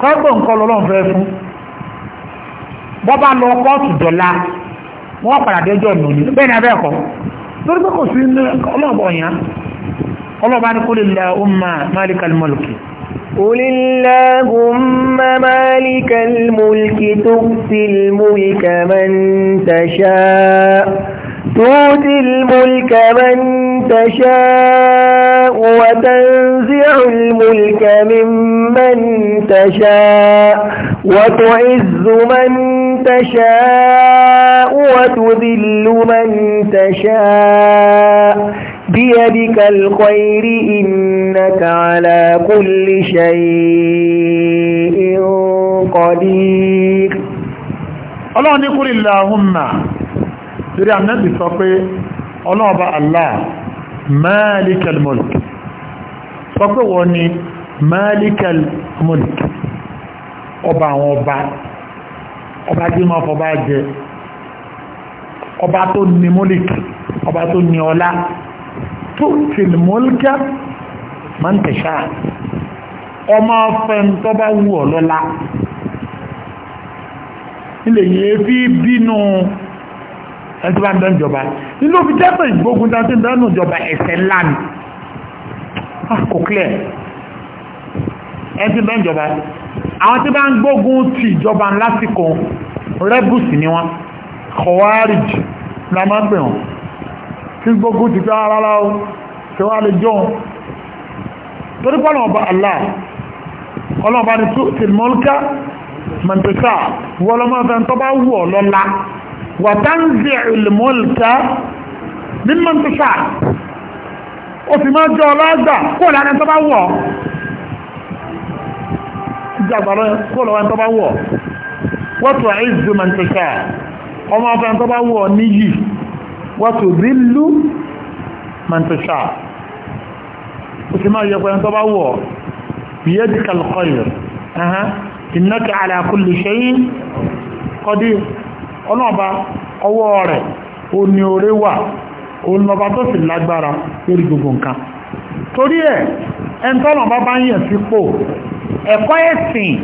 kọ́gbọ̀n kọ́ lọ́lọ́run fẹ́ fún bọ́ bá lọ kóòtù dọ̀la wọ́n padà dẹ́jọ́ lónìí bẹ́ẹ̀ ni abẹ́ ẹ̀kọ́ lórí pé kò sí ní ọlọ́ọ̀bọ̀ yẹn ọlọ́ọ̀bá ní kó lè la ó máa máa مالك الملك تؤتي الملك من تشاء تؤتي الملك من تشاء وتنزع الملك ممن تشاء وتعز من تشاء وتذل من تشاء بيدك الخير إنك على كل شيء قدير الله نقول اللهم torí ànábì sọ pé ọlọ́ọ̀bá Allah malikal mulk sọ pé wọ́n ni malikal mulk ọba àwọn ọba ọba tí ma fọba jẹ ọba tó ní mulk ọba tó ní ọlá tó fil mulka man tasha ọmọ ọfẹ́ tó bá wù ọ ilẹ̀ yìí fi bínú ẹni tó bá ń bẹ́ ìjọba nínú òfin jẹ́pẹ̀ ìgbógun dáńtí ń bẹ́ẹ̀nù ìjọba ẹ̀ṣẹ̀ ńlá ni ah, kò clear ẹni tí ń bẹ́ ìjọba àwọn tí bá ń gbógun ti ìjọba lásìkò rebels ni wọn kọ̀wárìj la máa ń pè wọn tí gbógun ti pé ah, rárá o tí wọ́n á lè jọun torí pọ́nà ọba Allah ọlọ́ọ̀bá ni tó tìlmọ́lùkà mọ̀ntẹ́sà wọ́n lọ́mọ́ fẹ́ ń tọ́ bá wù ọ lọ́la وتنزع الملك ممن تشاء ó fi máa jọ ọlọ́gbà kó lẹ́ni tó bá wọ̀ ìjà àgbàlọ́ kó lọ́wọ́ tó bá wọ̀ wọ́tò àìsù man tasha ọmọ ọ̀fẹ́ tó bá wọ̀ níyì wọ́tò rílù man tasha ó fi máa yẹpẹ́ tó bá wọ̀ biyadikal khair innaka ala kulli shay'in qadir ọlọ́ọ̀ba ọwọ́ rẹ̀ ó ní oore wà òun lọ́ba tó sì lágbára lórí gbogbo nǹkan torí ẹ̀ ẹni tọ́lọ́ọ̀ba bá ń yàn sípò ẹ̀kọ́ ẹ̀sìn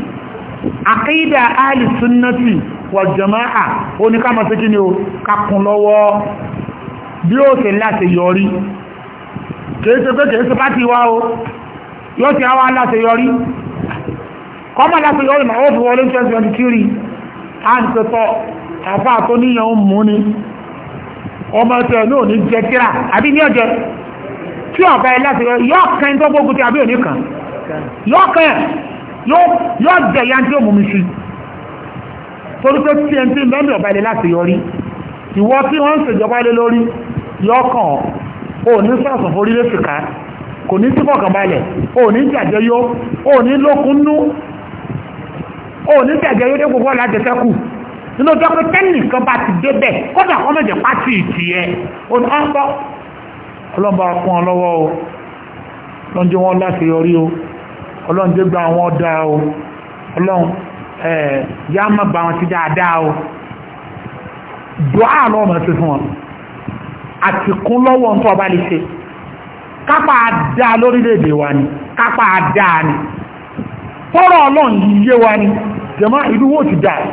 àkídà alìsúnnàtì wal jama'a oníkàmọ̀ sí kí ni ó kakùn lọ́wọ́ bí ó ṣe láti yọrí kèése pé kèése bá ti wá o yóò ti àwọn aláṣẹ yọrí kọ́mọ̀ láti yọrí ma ó fi wọlé 2023 à ń tẹ́tọ́ àfá tó níyàn ń mú ni ọmọ tẹ̀ ní òní jẹ tíra àbí ní ọjẹ́ tí ọ̀bá ẹ láti yọ kẹ́ tó gbógun ti àbí òní kan yọ kẹ́ yọ jẹ ya tí ó mú mi sí torí pé tí ẹni tí mẹ́mí ọ̀bá ilé láti yọrí ìwọ tí wọ́n ń ṣèjọba ilé lórí yọ kàn ó ní sọ̀sọ̀ forí lé sìkà kò ní sífọ̀kàn balẹ̀ ó ní jàjẹyó ó ní lókunnú ó ní jàjẹyó dé gbogbo ọ̀la jẹ́sẹ́kù nínú ọjọ́ pé tẹ́nìkan bá ti débẹ̀ kọ́dà kọ́ mẹ́jẹ̀ pátì ìtì ẹ ọ̀pọ̀ ọlọ́mọ ọkùn ọlọ́wọ́ o lọ́njẹ́ wọn láti yọrí o ọlọ́njẹ́ gba àwọn ọ̀dà o ọlọ́run ẹ̀ yá má ba wọn ti dáadáa o dùá lọ́wọ́ mọ̀ sí fún wọn àtìkún lọ́wọ́ ń tọ́ ọba lè ṣe kápá dáa lórílẹ̀-èdè wa ni kápá dáa ni tọ́rọ̀ ọlọ́run yíyé wa ni jẹ̀mọ́ ìlú wo ti dáa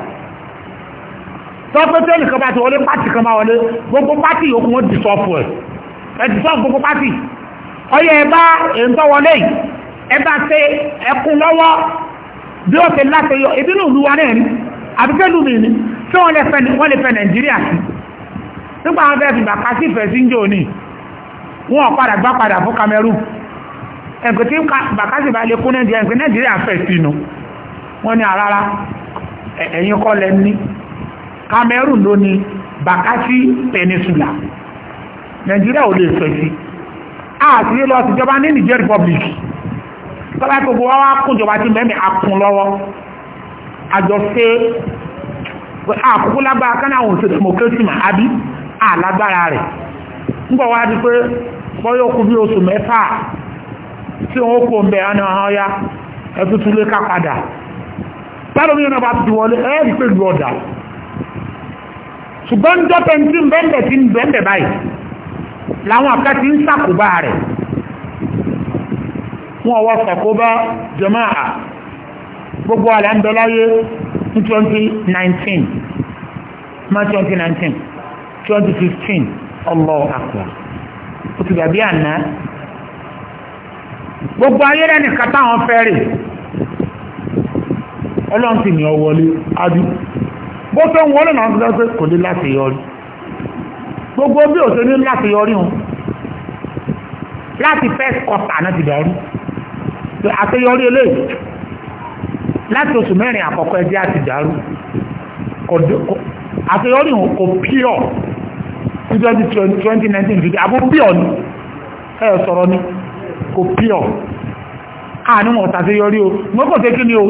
tọ́pẹ́tẹ́ nìkan bá ti wọlé pátì kan máa wọlé gbogbo pátì yòókù wọn ti sọ́ọ̀fù ẹ̀ ẹ ti sọ́ọ̀fù gbogbo pátì ọyẹ ẹ bá èntọ́ wọlé yìí ẹ bá ṣe ẹkún lọ́wọ́ bí ó ṣe láti yọ ìbínú ìlú wa náà ni àbíkẹ́ lù mí ni tí wọ́n lè fẹ́ nàìjíríà sí nígbà wọn fẹ́ fi bàkà sí ìfẹ́ sí njó ni wọn padà gbá padà fún Cameroon ẹ̀kọ́ tí bàkà Cameroon ló ní Bakassi Peninsula Nàìjíríà ò lè fẹ̀ sí àti lọ síjọba ní Niger Republic tọ́lá gbogbo wa wá kúnjọba tí mẹ́mí akun lọ́wọ́ àjọṣe àkókò lágbára kánà àwọn òṣèlú rẹ̀ ńgbọ̀ wá di pé bọ́yọ̀ kú bí oṣù mẹ́fà tí wọ́n kó ń bẹ̀ ọ́nà ká padà wọlé pé ọ̀dà ṣùgbọ́n jọ́pẹ̀ tí ń bẹ́ẹ̀ tí ń bẹ́ẹ̀ báyìí láwọn ọ̀ká ti ń sàkóbá rẹ̀ wọ́n wọ́n sàkóbá jọmáà gbogbo alẹ́ ń ní 2019 2019 2015 ó ti àná gbogbo ayé rẹ̀ nìkan táwọn fẹ́ rè ọlọ́run bó tó ń wọlé náà lọ sí kò ní láti yọrí gbogbo bí ò ṣe ní láti yọrí hùn láti first quarter náà ti darí àṣeyọrí eléyìí láti oṣù mẹ́rin àkọ́kọ́ ẹjẹ́ àti dàrú àṣeyọrí hùn kò pure ní twenty twenty twenty nineteen fifty àbú pure ni ẹ sọ̀rọ̀ ni kò pure àánú wọn ṣàṣeyọrí o mọ́kànlélẹ́kí ni o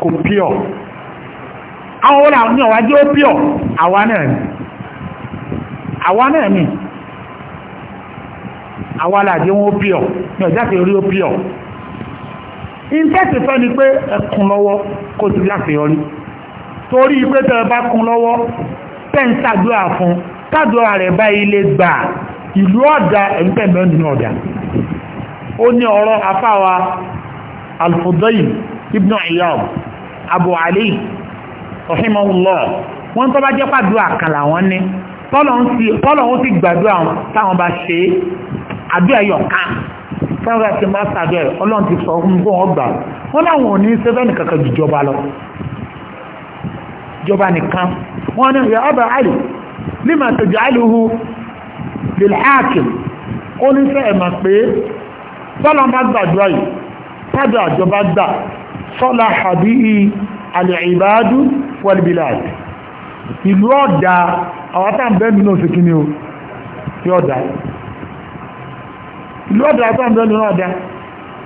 kò pure àwọn wọ́n àwọn ní ọ̀wá jẹ́ ó pìọ̀ àwa náà ni àwa náà ni àwa làjẹ́ wọn ó pìọ̀ ní ọjà ti rí ó pìọ̀ ìntẹ́sì fẹ́ ni pé ẹkùn lọ́wọ́ kó ti láṣeyọrí torí pé tẹ́ ẹ bá kún lọ́wọ́ tẹ́ ń fún tàdúrà rẹ̀ bá ilé gbà ìlú ọ̀dà ẹ̀ńtẹ̀mẹ́ nínú ọ̀dà rahimahullah wọ́n tó bá jẹ́ pàdúrà kan làwọn ní tọ́lọ̀hún sì gbàdúrà táwọn bá ṣe àdúrà yọ̀ ká táwọn bá ti máa ṣàdúrà ọlọ́run ti sọ fún bóun ọgbà wọ́n láwọn ò ní sẹ́fẹ́nì kankan ju jọba lọ jọba nìkan wọ́n ní ya Aba Ali lima taj'aluhu lil hakim ó ní sẹ́ ẹ̀ mà pé tọ́lọ́n bá gbàdúrà yìí tọ́jú àjọba gbà sọ́lá àbí alẹ́ ìbáàdú wọ́lbílàd ìlú ọ̀dà àwọn táàbẹ́mì náà síkí ni ó tí ọ̀dà ìlú ọ̀dà táàbẹ́mì náà ọ̀dà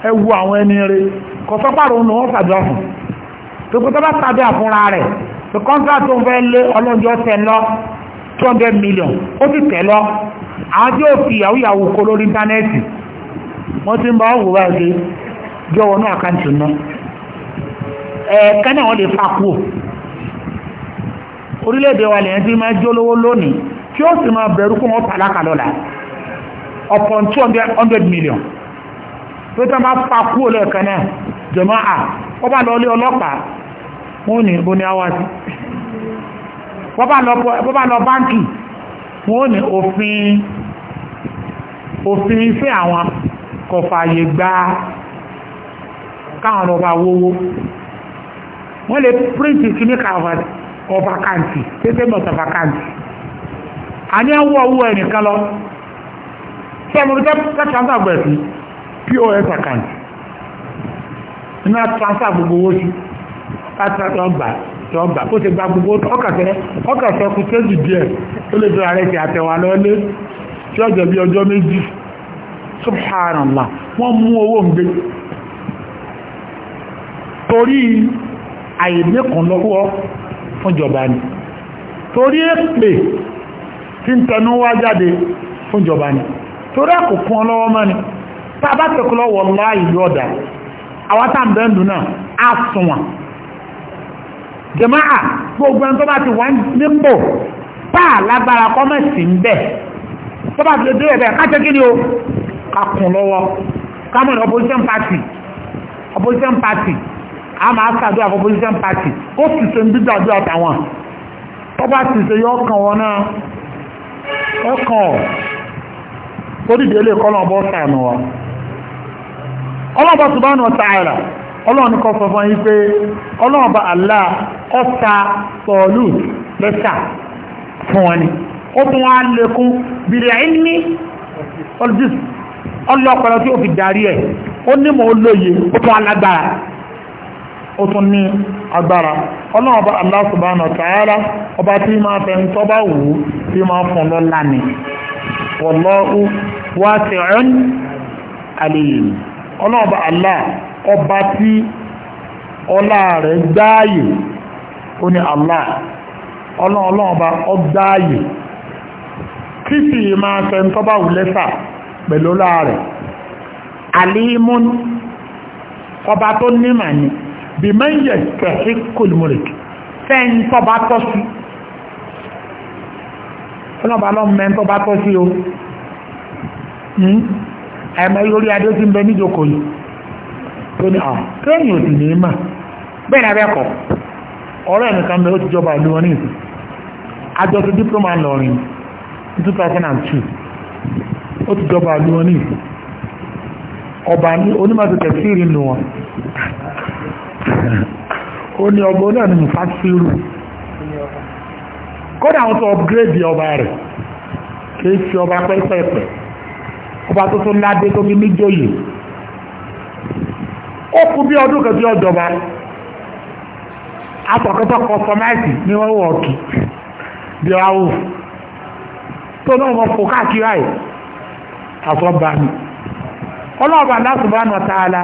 ẹ wo àwọn ẹni rẹ kọ̀sọ́pàrọ̀ ní wọ́n fàdúrà fún tó kó tọ́bá tàbí àfúnra rẹ̀ tó kọ́ńtàtì tó 200 million ó sì tẹ̀ lọ àwọn tí ó fi yàwó yàwó kó lórí íńtánẹ́ẹ̀tì wọ́n ti ń bá ọ̀wọ̀ báyìí jọ̀wọ́ náà àkáǹtì náà ẹ̀ẹ̀kan náà wọ́n lè fa orílẹ̀-èdè wa lèyàn ti máa jó lówó lónìí tí ó sì máa bẹ̀rù kó wọ́n tàlákà upon two hundred million pé tí wọ́n pa kúrò lẹ́ẹ̀kan náà jẹ̀mọ́ à wọ́n bá lọ ọlọ́pàá wọ́n ní ibo ni a wá sí wọ́n bá lọ báńkì wọ́n ní òfin òfin iṣẹ́ àwọn kò fààyè gba káwọn ọba wọ́wọ́ wọ́n lè print kìíní kàwárí or vacancy statement of vacancy àní ẹwọ́ owó ẹnìkan lọ sẹ́mùrú tẹ́ transfer gbẹ̀ sí pos account iná transfer gbogbo owó sí látàgbà ọgbà ó ti gba gbogbo ọkàtẹ́ ọkàtẹ́ kú tẹ́jì díẹ̀ ó lè jọra rẹ̀ ti àtẹ̀wà lọ́lé tí ọjọ́ bí ọjọ́ méjì subhanallah wọ́n mú owó ń gbé torí àìlẹ́kùn lọ́wọ́ fúnjọba ni torí èpè tí ń tẹnu wá jáde fúnjọba ni torí àkókún ọlọ́wọ́ mọ́ ni tá a bá tẹ̀kọ́ lọ́wọ́ ọlá ìlú ọ̀dà àwọn tá à ń bẹ́ ń dùn náà á sunwọ̀n jẹ̀máà gbogbo ẹni tó bá ti wà nípò páà lágbára kọ́mẹ̀sì ń bẹ̀ tó bá ti lè dé ẹ̀bẹ̀ kájẹ́ kí ni o kakùn lọ́wọ́ kámọ̀ ní opposition party opposition party a máa ṣàdúrà fún opposition party ó sì se ń bí gbàdúrà tàwọn tó bá sì ṣe yọ ọkàn wọn náà ọkàn ó dìde ilé kọ́ náà bọ́ sànù wa ọlọ́bọ̀ subhanahu wa ta'ala ọlọ́run ní kọ́ sọ fún yí pé ọlọ́run bá Allah ọta sọ̀ọ̀lù lẹ́sà fún wọn ni ó tún wá lékún bìrì ilmi ọlọ́pẹ̀lọ́ tí ó fi darí ẹ̀ ó ní mọ̀ ó lóye ó tún alágbára ó tún ní agbára ọlọ́run ọba Allah ọba tí máa fẹ́ ń tọ́ba wù ú tí máa fún lọ́la ni wallahu wasi'un ọba ọba tí ọlá rẹ̀ gbáàyè ó ní Allah ọlọ́run ọ ọba kí sì máa fẹ́ ń wù lẹ́sà pẹ̀lú ọlá rẹ̀ ọba tó nímà ni. bí mẹ́yẹ̀ kẹ̀ẹ́ kòlùmọ̀lẹ̀kì fẹ́ni tó bá tọ́ sí ọlọ́ba lọ́mọ tó bá tọ́ sí o ẹ̀mọ́ hmm? lórí adé tí ń bẹ níjòkó yìí tó ní àwọn kéèyàn sì ní mà bẹ́ẹ̀ ni abẹ́kọ̀ ọ̀rọ̀ ẹ̀nìkan bẹ ó ti jọba ìlú wọn ní ìsìn àjọ ti diploma lọ́rin ní 2002 ó ti jọba ìlú wọn ní ìsìn ọba ní onímọ̀ tó tẹ̀síìrì nù wọn ó ní ọba náà ní mufasiru kódà àwọn tó upgrade ọba rẹ̀ kìí fi ọba pẹ́pẹ́pẹ́ ọba tó tún ládé tó fi níjòyè ó kú bí ọdún kan tí ó jọba atọ̀kọ́tọ̀ kọsọmáìtì ní wọ́n wọ̀ kí bí ọ̀hún tó náà wọ́n fò káàkiri àyè àtọ́ba ni ọlọ́ọ̀bà lásùbánu ọ̀tá ala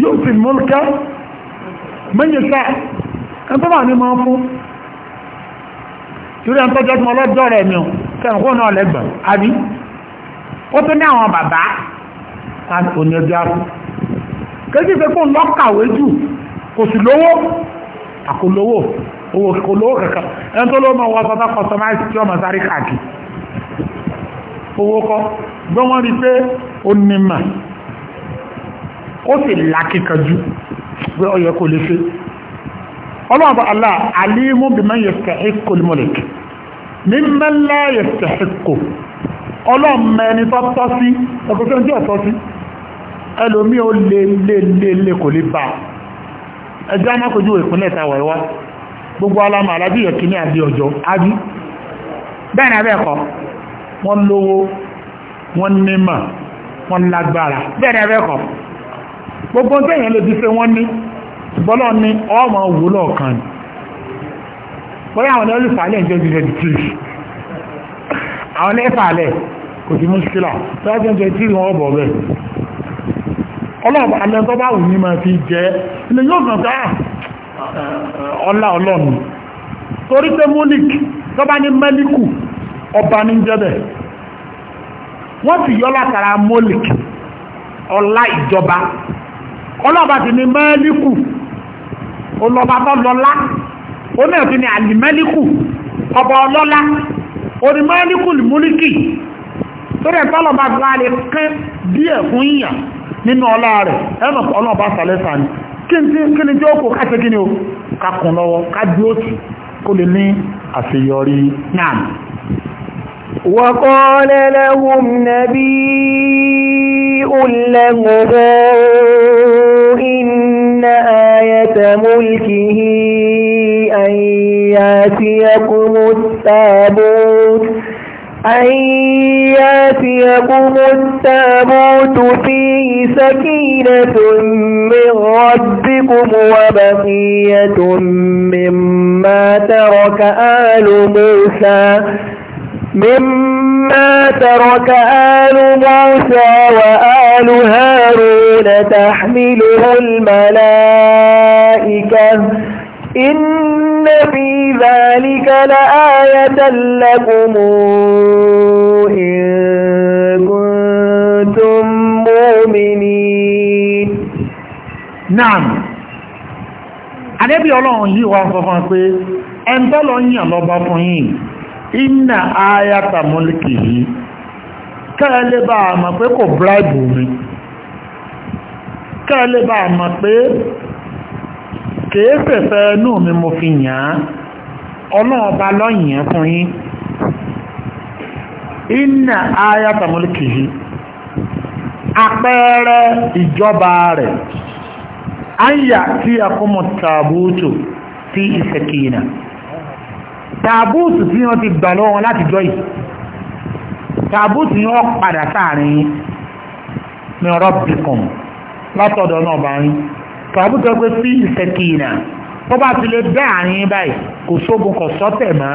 yóò sì mọ́lùkẹ́ mẹ́yẹsà ẹgbẹ́ wà ní máa fún torí ẹn tọ́jọ́ tún ọlọ́dọ́ rẹ̀ mi kẹ́ẹ̀kọ́ náà lẹ́gbẹ̀ àbí ó tó ní àwọn bàbá òní ẹjọ́ àpò kéjì pé kó lọ́kàwé jù kò sì lówó àkólówó owó kò lówó kẹ̀kẹ́ ẹn tó lówó máa wọ sọ́tọ́ customize tí ọmọ sáré káàkiri owó kọ́ gbọ́n wọ́n rí pé ó ní mà ó sì lákìkanjú pé ó yẹ kó lè ṣe ọlọ́ọ̀bọ̀ Allah alimu biman yastahiqqu al-mulk mimman la yastahiqqu ọlọ́ọ̀mẹni tó tọ́ sí ẹgbẹ́sẹ̀ tí ó tọ́ sí ẹlòmí ó lè lè lè lè kò lè bá ẹjọ́ amákojú ìpínlẹ̀ tàwà ẹwà gbogbo alámà alábíyẹ̀ kí ní àbí ọjọ́ ábí bẹ́ẹ̀ ni abẹ́ẹ̀kọ́ wọ́n lówó wọ́n nímọ̀ wọ́n lágbára bẹ́ẹ̀ ni abẹ́ẹ̀kọ́ gbogbo tẹ́yàn lè fi ṣe wọ́n ní bọ́lọ́ ní ọmọ òwúlọ̀ kan ní bóyá àwọn ẹlẹ́fà alẹ́ ìjọ ti ṣẹ̀dì tí àwọn ẹlẹ́fà alẹ́ kò sí mú sílà bóyá tí ó jẹ tí wọ́n bọ̀ bẹ́ẹ̀ ọlọ́ọ̀bà alẹ́ tó bá wù ah, ti yọ́ látara múlik ọlá ìjọba ọlọ́ọ̀bá ti ní mẹ́líkù ọlọ́ọ̀bá tó lọ́lá ó náà ti ní àlìmẹ́líkù ọba ọlọ́lá orí mẹ́líkù lìmúlíkì torí ẹ̀tọ́ ọlọ́ọ̀bá ti wá lè kán díẹ̀ fún yíyàn nínú ọlá rẹ̀ ẹ̀rọ ọlọ́ọ̀bá sàlẹ́sà kí ni tí ó kò مُّسِيءٌ لَّهُ إِنَّ آيَةَ مُلْكِهِ أَن يَأْتِيَكُمُ التَّابُوتُ أن ياتيكم التابوت فيه سكينة من ربكم وبقية مما ترك آل موسى مما ترك آل موسى وآل هارون تحمله الملائكة إن في ذلك لآية لكم إن كنتم نعم àdébí ọlọ́run yìí wọ́n sọ fún ọ pé lọ yàn fún yìí inna ayata mọ́lìkì yìí kẹ́ẹ̀lẹ́ bá a mọ̀ pé kò mi kẹ́ẹ̀lẹ́ bá a mọ̀ pé mi mo fi yàn án lọ́yìn fún yín inna ayata mọ́lìkì yìí àpẹẹrẹ ìjọba rẹ̀ ayà tí a kọ́ mọ̀ tàbúùtù tí wọ́n ti gbà lọ́wọ́ láti jọ yìí tàbúùtù yóò padà sáàrin yìí ní ọ̀rọ̀ bìkan látọ̀dọ̀ náà bá yín tàbúùtù pé sí ìsẹ̀kìnà tó bá ti lè bẹ́ àárín báyìí kò sógun kò sọ́tẹ̀ mọ́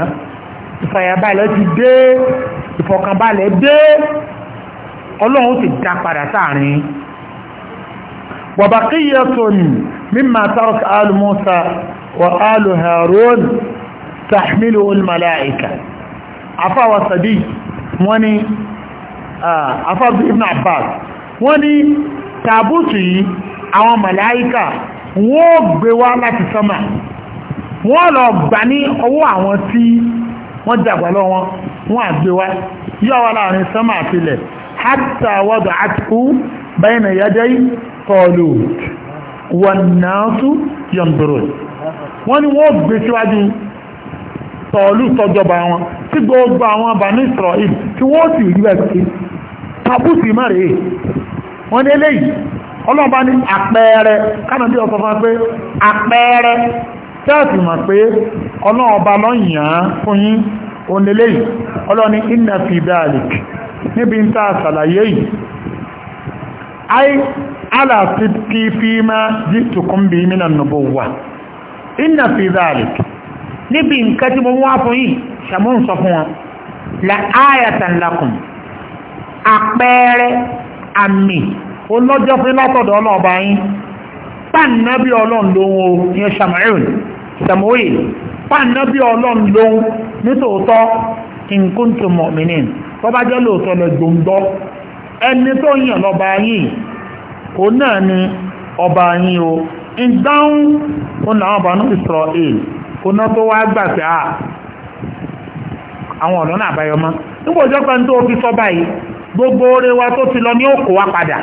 ìfàyàbalẹ̀ ti dé ìfọ̀kànbalẹ̀ dé ọlọ́run ti dá padà sáàrin wàbàkíyà tó ní mímọ̀ àtàrọ̀ تحمله الملائكة. afáwà sadiq wọ́n ni ابن عباس abbas تابوتي ni tàbútù yìí àwọn màláìkà wọ́n gbé wá láti sánmà wọ́n lọ gbà ní ọwọ́ àwọn tí wọ́n jàgbà lọ wọn wọ́n àgbé wá yọ́ wá láàrin sánmà àtilẹ̀ hatta wọ́dọ̀ àtìkú bẹ́ẹ̀nà yájẹ́ tọ́lù wọ́n náà tún yọ̀ndọ̀rọ̀ wọ́n ni wọ́n gbé síwájú tọ̀ọ̀lù tọjọba wọn tí gbogbo àwọn abàní sọ̀rọ̀ yìí tí wọ́n sì rí bẹ́ẹ̀ sí tàbùsì má rèé wọ́n ní eléyìí ọlọ́ọ̀bá ní àpẹẹrẹ kánàbí ọ̀sọ̀ fún wa pé àpẹẹrẹ tẹ́ẹ̀tì mọ̀ pé ọlọ́ọ̀bá lọ́yìn fún yín oníléyìí ọlọ́ni inna fi dhalik níbi ń tàà sàlàyé yìí ala sidqi fi ma jitukum bi minan nubuwwa inna fi dhalik níbi nǹkan tí mo wá fún yìí ṣàmú ń sọ fún wọn la ayatan lakum àpẹẹrẹ àmì olójọ́ fún látọ̀dọ̀ ọlọ́ọ̀bá yín pàǹnàbí ọlọ́run lóhun o ní ṣàmúhìn ṣàmúhìn pàǹnàbí ọlọ́run lóhun nítòótọ́ in kuntum mu'minin tó bá jẹ́ lóòótọ́ lọ gbòǹdọ́ ẹni tó yàn lọ́ba yìí kò náà ni ọba yìí o ìdáhùn ó náà ní Israel oná tó wá gbà à ah, àwọn ọ̀nà náà mọ́ nígbà ọjọ́ gbogbo oore wa tó ti lọ ní wa padà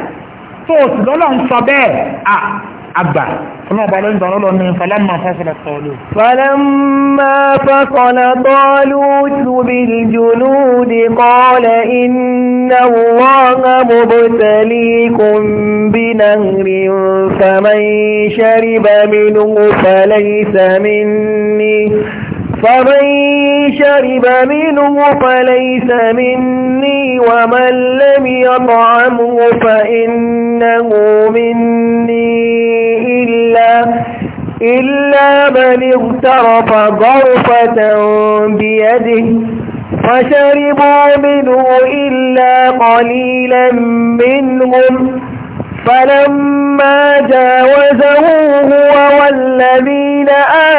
tó o sì lọ́lọ́ ń sọ bẹ́ẹ̀ à ah, عبا فلما بعلين ضلالوا أنه فلما فصل الطالوت فلما فصل طالوت بالجنود قال إن الله مبتليكم بنهر فمن شرب منه فليس مني فمن شرب منه فليس مني ومن لم يطعمه فإنه مني إلا, إلا من اغترف ضرفة بيده فشربوا منه إلا قليلا منهم فلما جاوزه هو والذين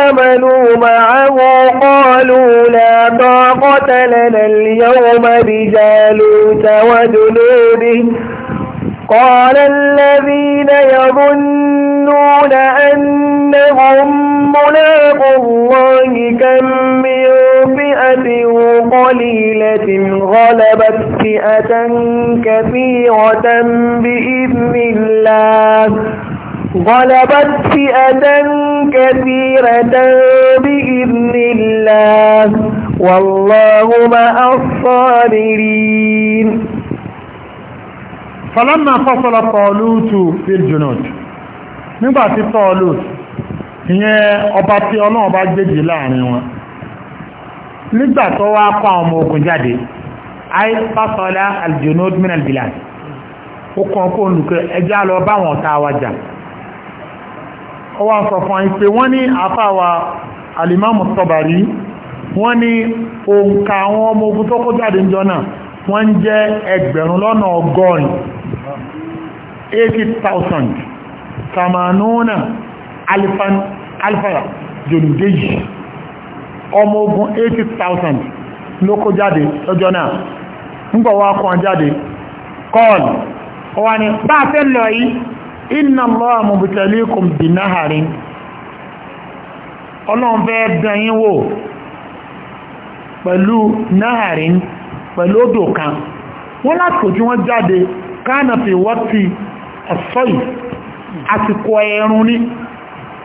آمنوا معه قالوا لا طاقة لنا اليوم بجالوت وجنوده قال الذين يظنون أنهم مُّلَاقُو الله كم من فئة قليلة غلبت فئة كثيرة بإذن الله غلبت فئة كثيرة بإذن الله والله مع الصابرين فلما فصل طالوت في الجنود nígbà tí tọ́ọ̀lù ìyẹn ọba tí ọlọ́run bá nígbà tó wá kó àwọn ọmọ ogun jáde ayé pásọlá aljonud minal bilad ó kàn kó olùkọ ẹjẹ lọ báwọn ọ̀tá wa jà ó wá sọ fún àyín pé wọ́n ní àfàwà alimamu Tabari wọ́n ní òǹkà àwọn ọmọ ogun tó kó jáde níjọ náà wọ́n ń jẹ́ ẹgbẹ̀rún lọ́nà ọgọ́rin 80,000 tamanuna alifan alifara jòlùdéjì ọmọ ogun 80,000 ló kó jáde lọ́jọ́ náà nígbà wá kan jáde kọ́ọ̀l ọwá ni bá a fẹ́ lọ yìí inna Allaha mubtalikum bi naharin ọlọ́run fẹ́ bẹ̀yìn wò pẹ̀lú naharin pẹ̀lú odò kan wọ́n láti òjú wọ́n jáde kánàfì wọ́tí ọ̀sọ́ yìí àsìkò ẹ̀rùn ní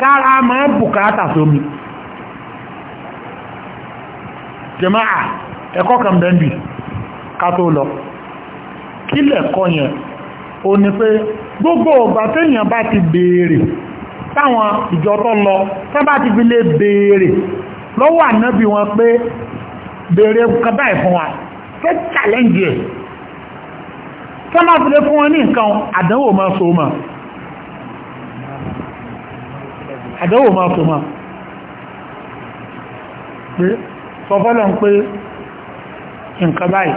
kára máa bùkátà sómi jẹmáà ẹ̀kọ́ kan bẹ́ẹ̀bì ká tó lọ kí lẹ̀kọ́ yẹn o ní pé gbogbo ọgbà téèyàn bá ti béèrè táwọn ìjọ tó lọ tó bá ti fi lè béèrè lọ́wọ́ ànábì wọn pé béèrè kan báyìí wa tó challenge ẹ̀ tó bá fi lè fún wọn ní nǹkan àdánwò máa so máa àdánwò máa so máa sọ fọ́lọ́n pé nǹkan báyìí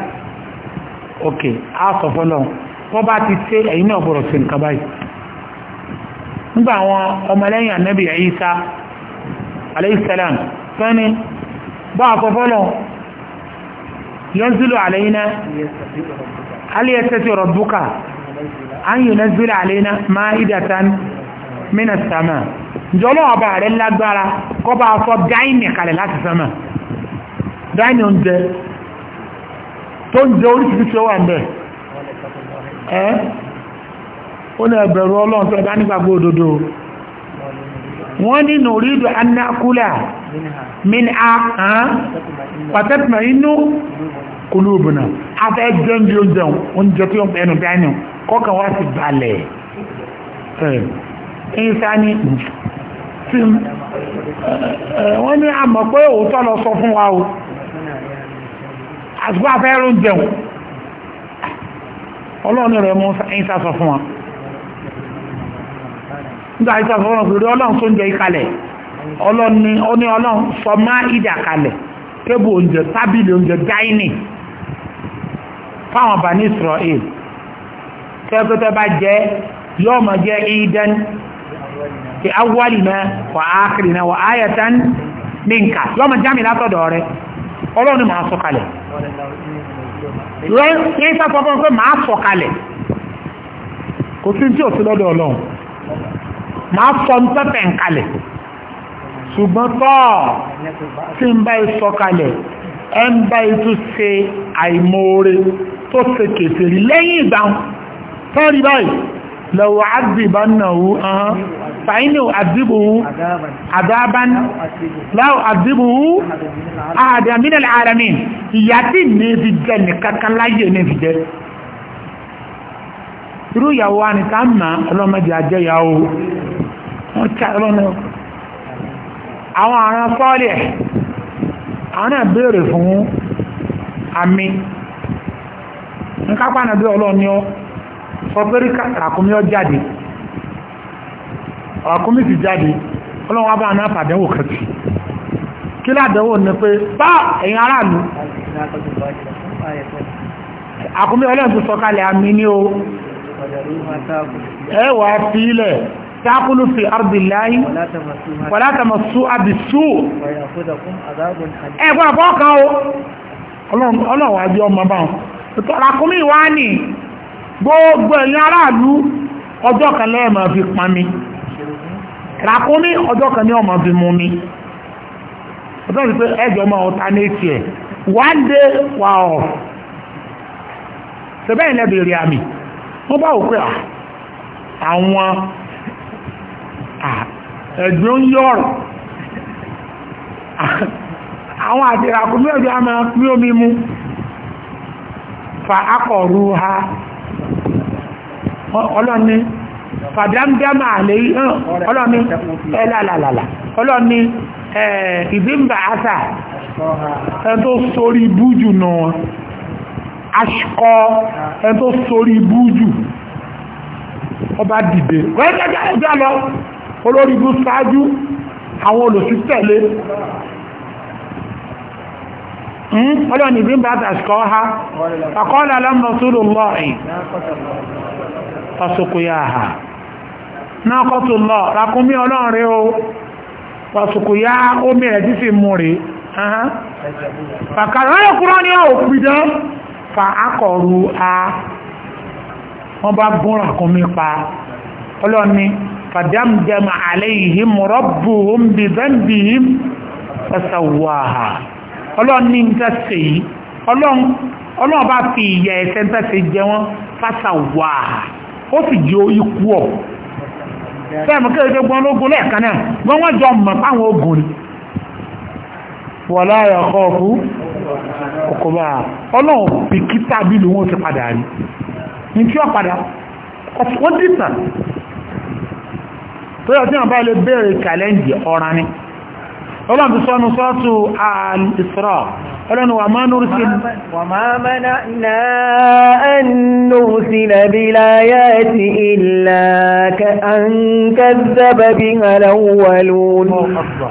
ok á sọ fọ́lọ́n wọ́n bá ti ṣe ẹ̀yin náà gbọ́dọ̀ ṣe nǹkan báyìí nígbà àwọn ọmọlẹ́yìn ànábì Ìsá aleyhisselam fẹ́ni bá sọ fọ́lọ́n yanzilu alayna hal yastati rabbuka an yunzila alayna ma'idatan minas sama jọlọ́ ọba rẹ̀ lágbára kọ́ bá sọ dáìmì kalẹ̀ láti sama dáìní oúnjẹ tó ń jẹ oríṣiríṣi wà mẹ́ ẹ́ ó ní ẹ̀bẹ̀rù ọlọ́run tó ẹ̀bá nígbàgbọ́ òdodo wọ́n ní nùrídù annákúlà min a pàtẹ́tìmọ̀ inú kùlùbùnà afẹ́ jẹ́ǹdì oúnjẹ oúnjẹ tí wọ́n ẹnu dáìní kọ́kàn wá sí balẹ̀ ìsáni tí wọ́n ní àmọ̀ pé òótọ́ lọ sọ fún wa o àsìkò afẹ́rún jẹun ọlọ́run rẹ̀ mú ẹ̀yìn sọ fún wọn nígbà ìsọ fún wọn pẹ̀lú ọlọ́run tó ń jẹ ìkalẹ̀ ọlọ́run ní ọlọ́run sọ má ìdà kalẹ̀ tébù oúnjẹ tábìlì oúnjẹ dáínì fáwọn bani Israel tẹ́pẹ́tẹ́ bá jẹ́ yóò mọ̀ jẹ́ ìdán ti awwalina wa akhirina wa ayatan minka yóò mọ̀ jámi látọ̀dọ̀ rẹ̀ ọlọ́run ni màá sọ kalẹ̀ yẹn sáfọ́ fún pé màá sọ kalẹ̀ kò sí tí ò sí lọ́dọ̀ ọlọ́run màá sọ ń tẹ́tẹ̀ ń kalẹ̀ ṣùgbọ́n tọ́ tí ń bá sọ kalẹ̀ ẹ ń bá itú ṣe àìmoore tó ṣe kèfèrí lẹ́yìn ìgbà tọ́rí báyìí lọ́wọ́ àdìbánáwó ahán fàínú àdìbòwó àdábán láwọ́ àdìbòwó àdàmínà àràmì ìyá tí ní fi jẹ́ nìkankan láyé ní fi jẹ́ irú ìyàwó wa nìkan mà ọlọ́mọdé àjẹyàwó wọ́n ká lọ́nà àwọn àrùn fọ́ọ̀lẹ̀ àwọn náà fún àmì nǹkan bí ọlọ́ọ̀ni ọ́ ọ̀pẹ́rí ràkúnmí ọ jáde ràkúnmí ti jáde ọlọ́wọ́ bá náà pàdánwò kẹtì kí ládánwò ní pé bá ẹ̀yin aráàlú àkúnmí ọlọ́run tó sọkalẹ̀ àmì ní o ẹwà fílẹ̀ tákùlù fi ardillahi wala tamassu àbìsú ẹgbẹ́ ọ̀pọ̀ kan o ọlọ́run àjọ ọmọ bá wọn gbogbo ara aráàlú ọjọ́ kan lẹ́ẹ̀ fi pa mi ní ọjọ́ kan ọmọ fi mú mi ọjọ́ ìpé ẹjọ́ máa ọ̀tá ní etí ẹ̀ one day wà ọ̀ ṣẹbẹ́ ilẹ̀ bèèrè àmì wọ́n bá òkú àwọn ń àwọn àti a máa pín omi mu fa ha ọlọ́ni fàdámdámà àlèyí ọlọ́ni ẹlàlàlà ọlọ́ni ìdímbà àṣà ẹ̀tọ́ sórí bújù náà aṣkọ ẹ̀tọ́ sórí bújù ọba dìde wẹ́gbẹ́gbẹ́ lọ olórí bú ṣáájú àwọn olùsítẹ̀lé hmm, ọlọ́ni ìdímbà àṣà ṣkọ́ ha fàkọ́lá lọ́mọ sólò lọ́rin fasukuyaha náà kọ́tù lọ ràkúnmí ọlọ́run rí o fasukuya omi rẹ̀ tí sì mú rí fàkàrà wọ́n kúrọ́ ní òpìdán fa akọ̀rù a wọ́n bá gún ràkúnmí pa ọlọ́ni fàdámdẹ́mà àlẹ́yìn rọ́bù omi bẹ́ẹ̀bì fasawaha ọlọ́ni ń tẹ́sẹ̀ yìí ọlọ́run bá fi ìyẹ̀ ẹ̀sẹ̀ ń tẹ́sẹ̀ jẹ wọ́n fasawaha ó sì jẹ́ ikú ọ̀ sẹ́ẹ̀mù kí èdè gbọ́n lógún lẹ́ẹ̀kan náà wọ́n wọ́n jọ mọ̀ ogun ni wọ́n láyọ̀ ọkọ̀ ọkú ọkọ̀bá ọlọ́run bí kíta bí lòun ti padà rí ní padà dìtàn tó yọ tí wọ́n bá lè béèrè ọ̀ràn قلنا وما نرسل وما منعنا أن نرسل بالآيات إلا كأن كذب بها الأولون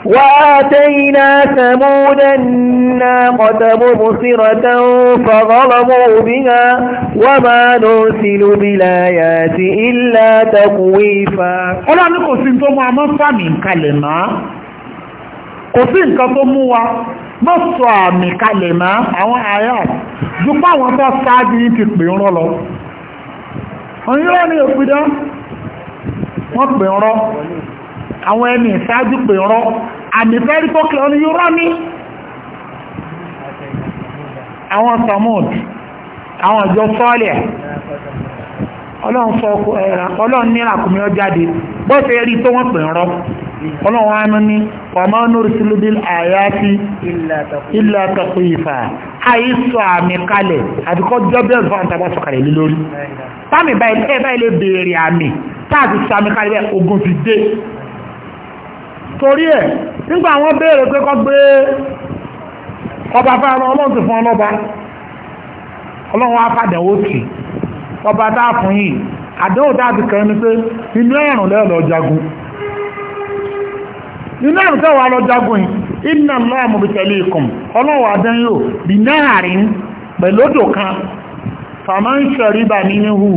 وآتينا ثمود الناقة مبصرة فظلموا بها وما نرسل بالآيات إلا تقويفا قلنا نقول سنتم وما فامين كلمة قلنا وما má sọ àmì kalẹ̀ mọ́ àwọn àyà ju páwọn tó ṣáájú yìí ti pè ń rọ́ lọ òyìnbó ni òpìdá wọ́n pè ń rọ́ àwọn ẹni ìṣáájú pè ń rọ́ àmì fẹ́rí tó kẹ́ ọ́nà yóò rọ́ ní àwọn samud àwọn ìjọ sọ́ọ̀lẹ̀ ọlọ́run fọ ọkọ ẹ̀rà ọlọ́run ní àkùnmí ọjáde bó ṣe rí tó wọ́n pè ń rọ́ ọlọ́run ánú ní ọmọ onúrùsílúdíl àyàtí ilẹ̀ àtọ̀kù ìfà àìsọ àmì kalẹ̀ àbíkọ́ jọ́bẹ̀rù fún àtàbà sọ̀kalẹ̀ lé lórí táàmì báyìí ẹ báyìí lè béèrè àmì táàbì sọ àmì kalẹ̀ ogun ti dé torí ẹ̀ nígbà wọn béèrè pé kọ́ gbé ọba fáwọn ọlọ́run ti fún ọlọ́ba ọlọ́run á fàdánwó kìí ọba tá a fún yìí àdánwò tá a ti kàn ní pé inú ẹ̀rùn lẹ́yìn lọ jagun inú ẹ̀rùn tẹ́wà lọ jagun yìí iná lọ́wọ́ mo fi tẹ̀lé ikùn ọlọ́wọ́ adán yóò bí náàrin pẹ̀lú odò kan fàmọ́ ń ṣẹ̀rí bà ní ihu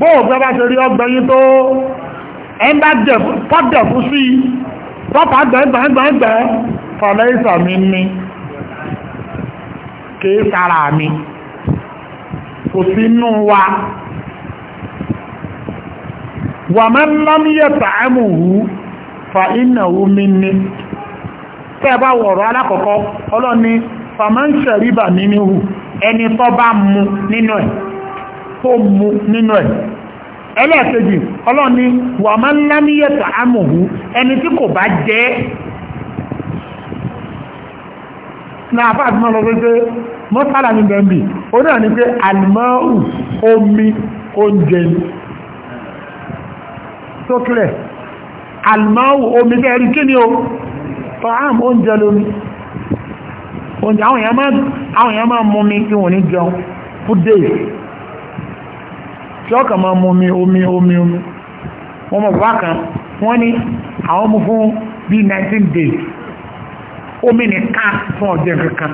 bóò gbẹ́ sára mi kò sí nù wa wà máa ń lámúyẹ̀ tààmù hù fa iná omi ní tẹ́ bá wọ̀rọ̀ alákọ̀ọ́kọ́ ọlọ́ni fàmánṣẹ̀ ríbà nínú hù ẹni tó bá mu nínú ẹ̀ tó mu nínú ẹ̀ ẹlẹ́ẹ̀kejì ọlọ́ni wà máa ń tààmù hù ẹni tí kò bá jẹ́ na àbá àti mọ́lọ pé mọ́sálà ní bẹ̀m̀bì ó náà ní pé àlìmọ́ọ̀hù omi oúnjẹ ni tó kílẹ̀ àlìmọ́ọ̀hù omi kẹrí kí ni o tọ́hám oúnjẹ lómi oúnjẹ àwọn èèyàn máa mú mi kí wọ́n ní jẹun fúdé tí ọkà máa mú omi omi omi wọ́n mọ̀ wákan wọ́n ní àwọn mú fún bí 19 days omi nìkan fún ọ̀jẹ̀ kankan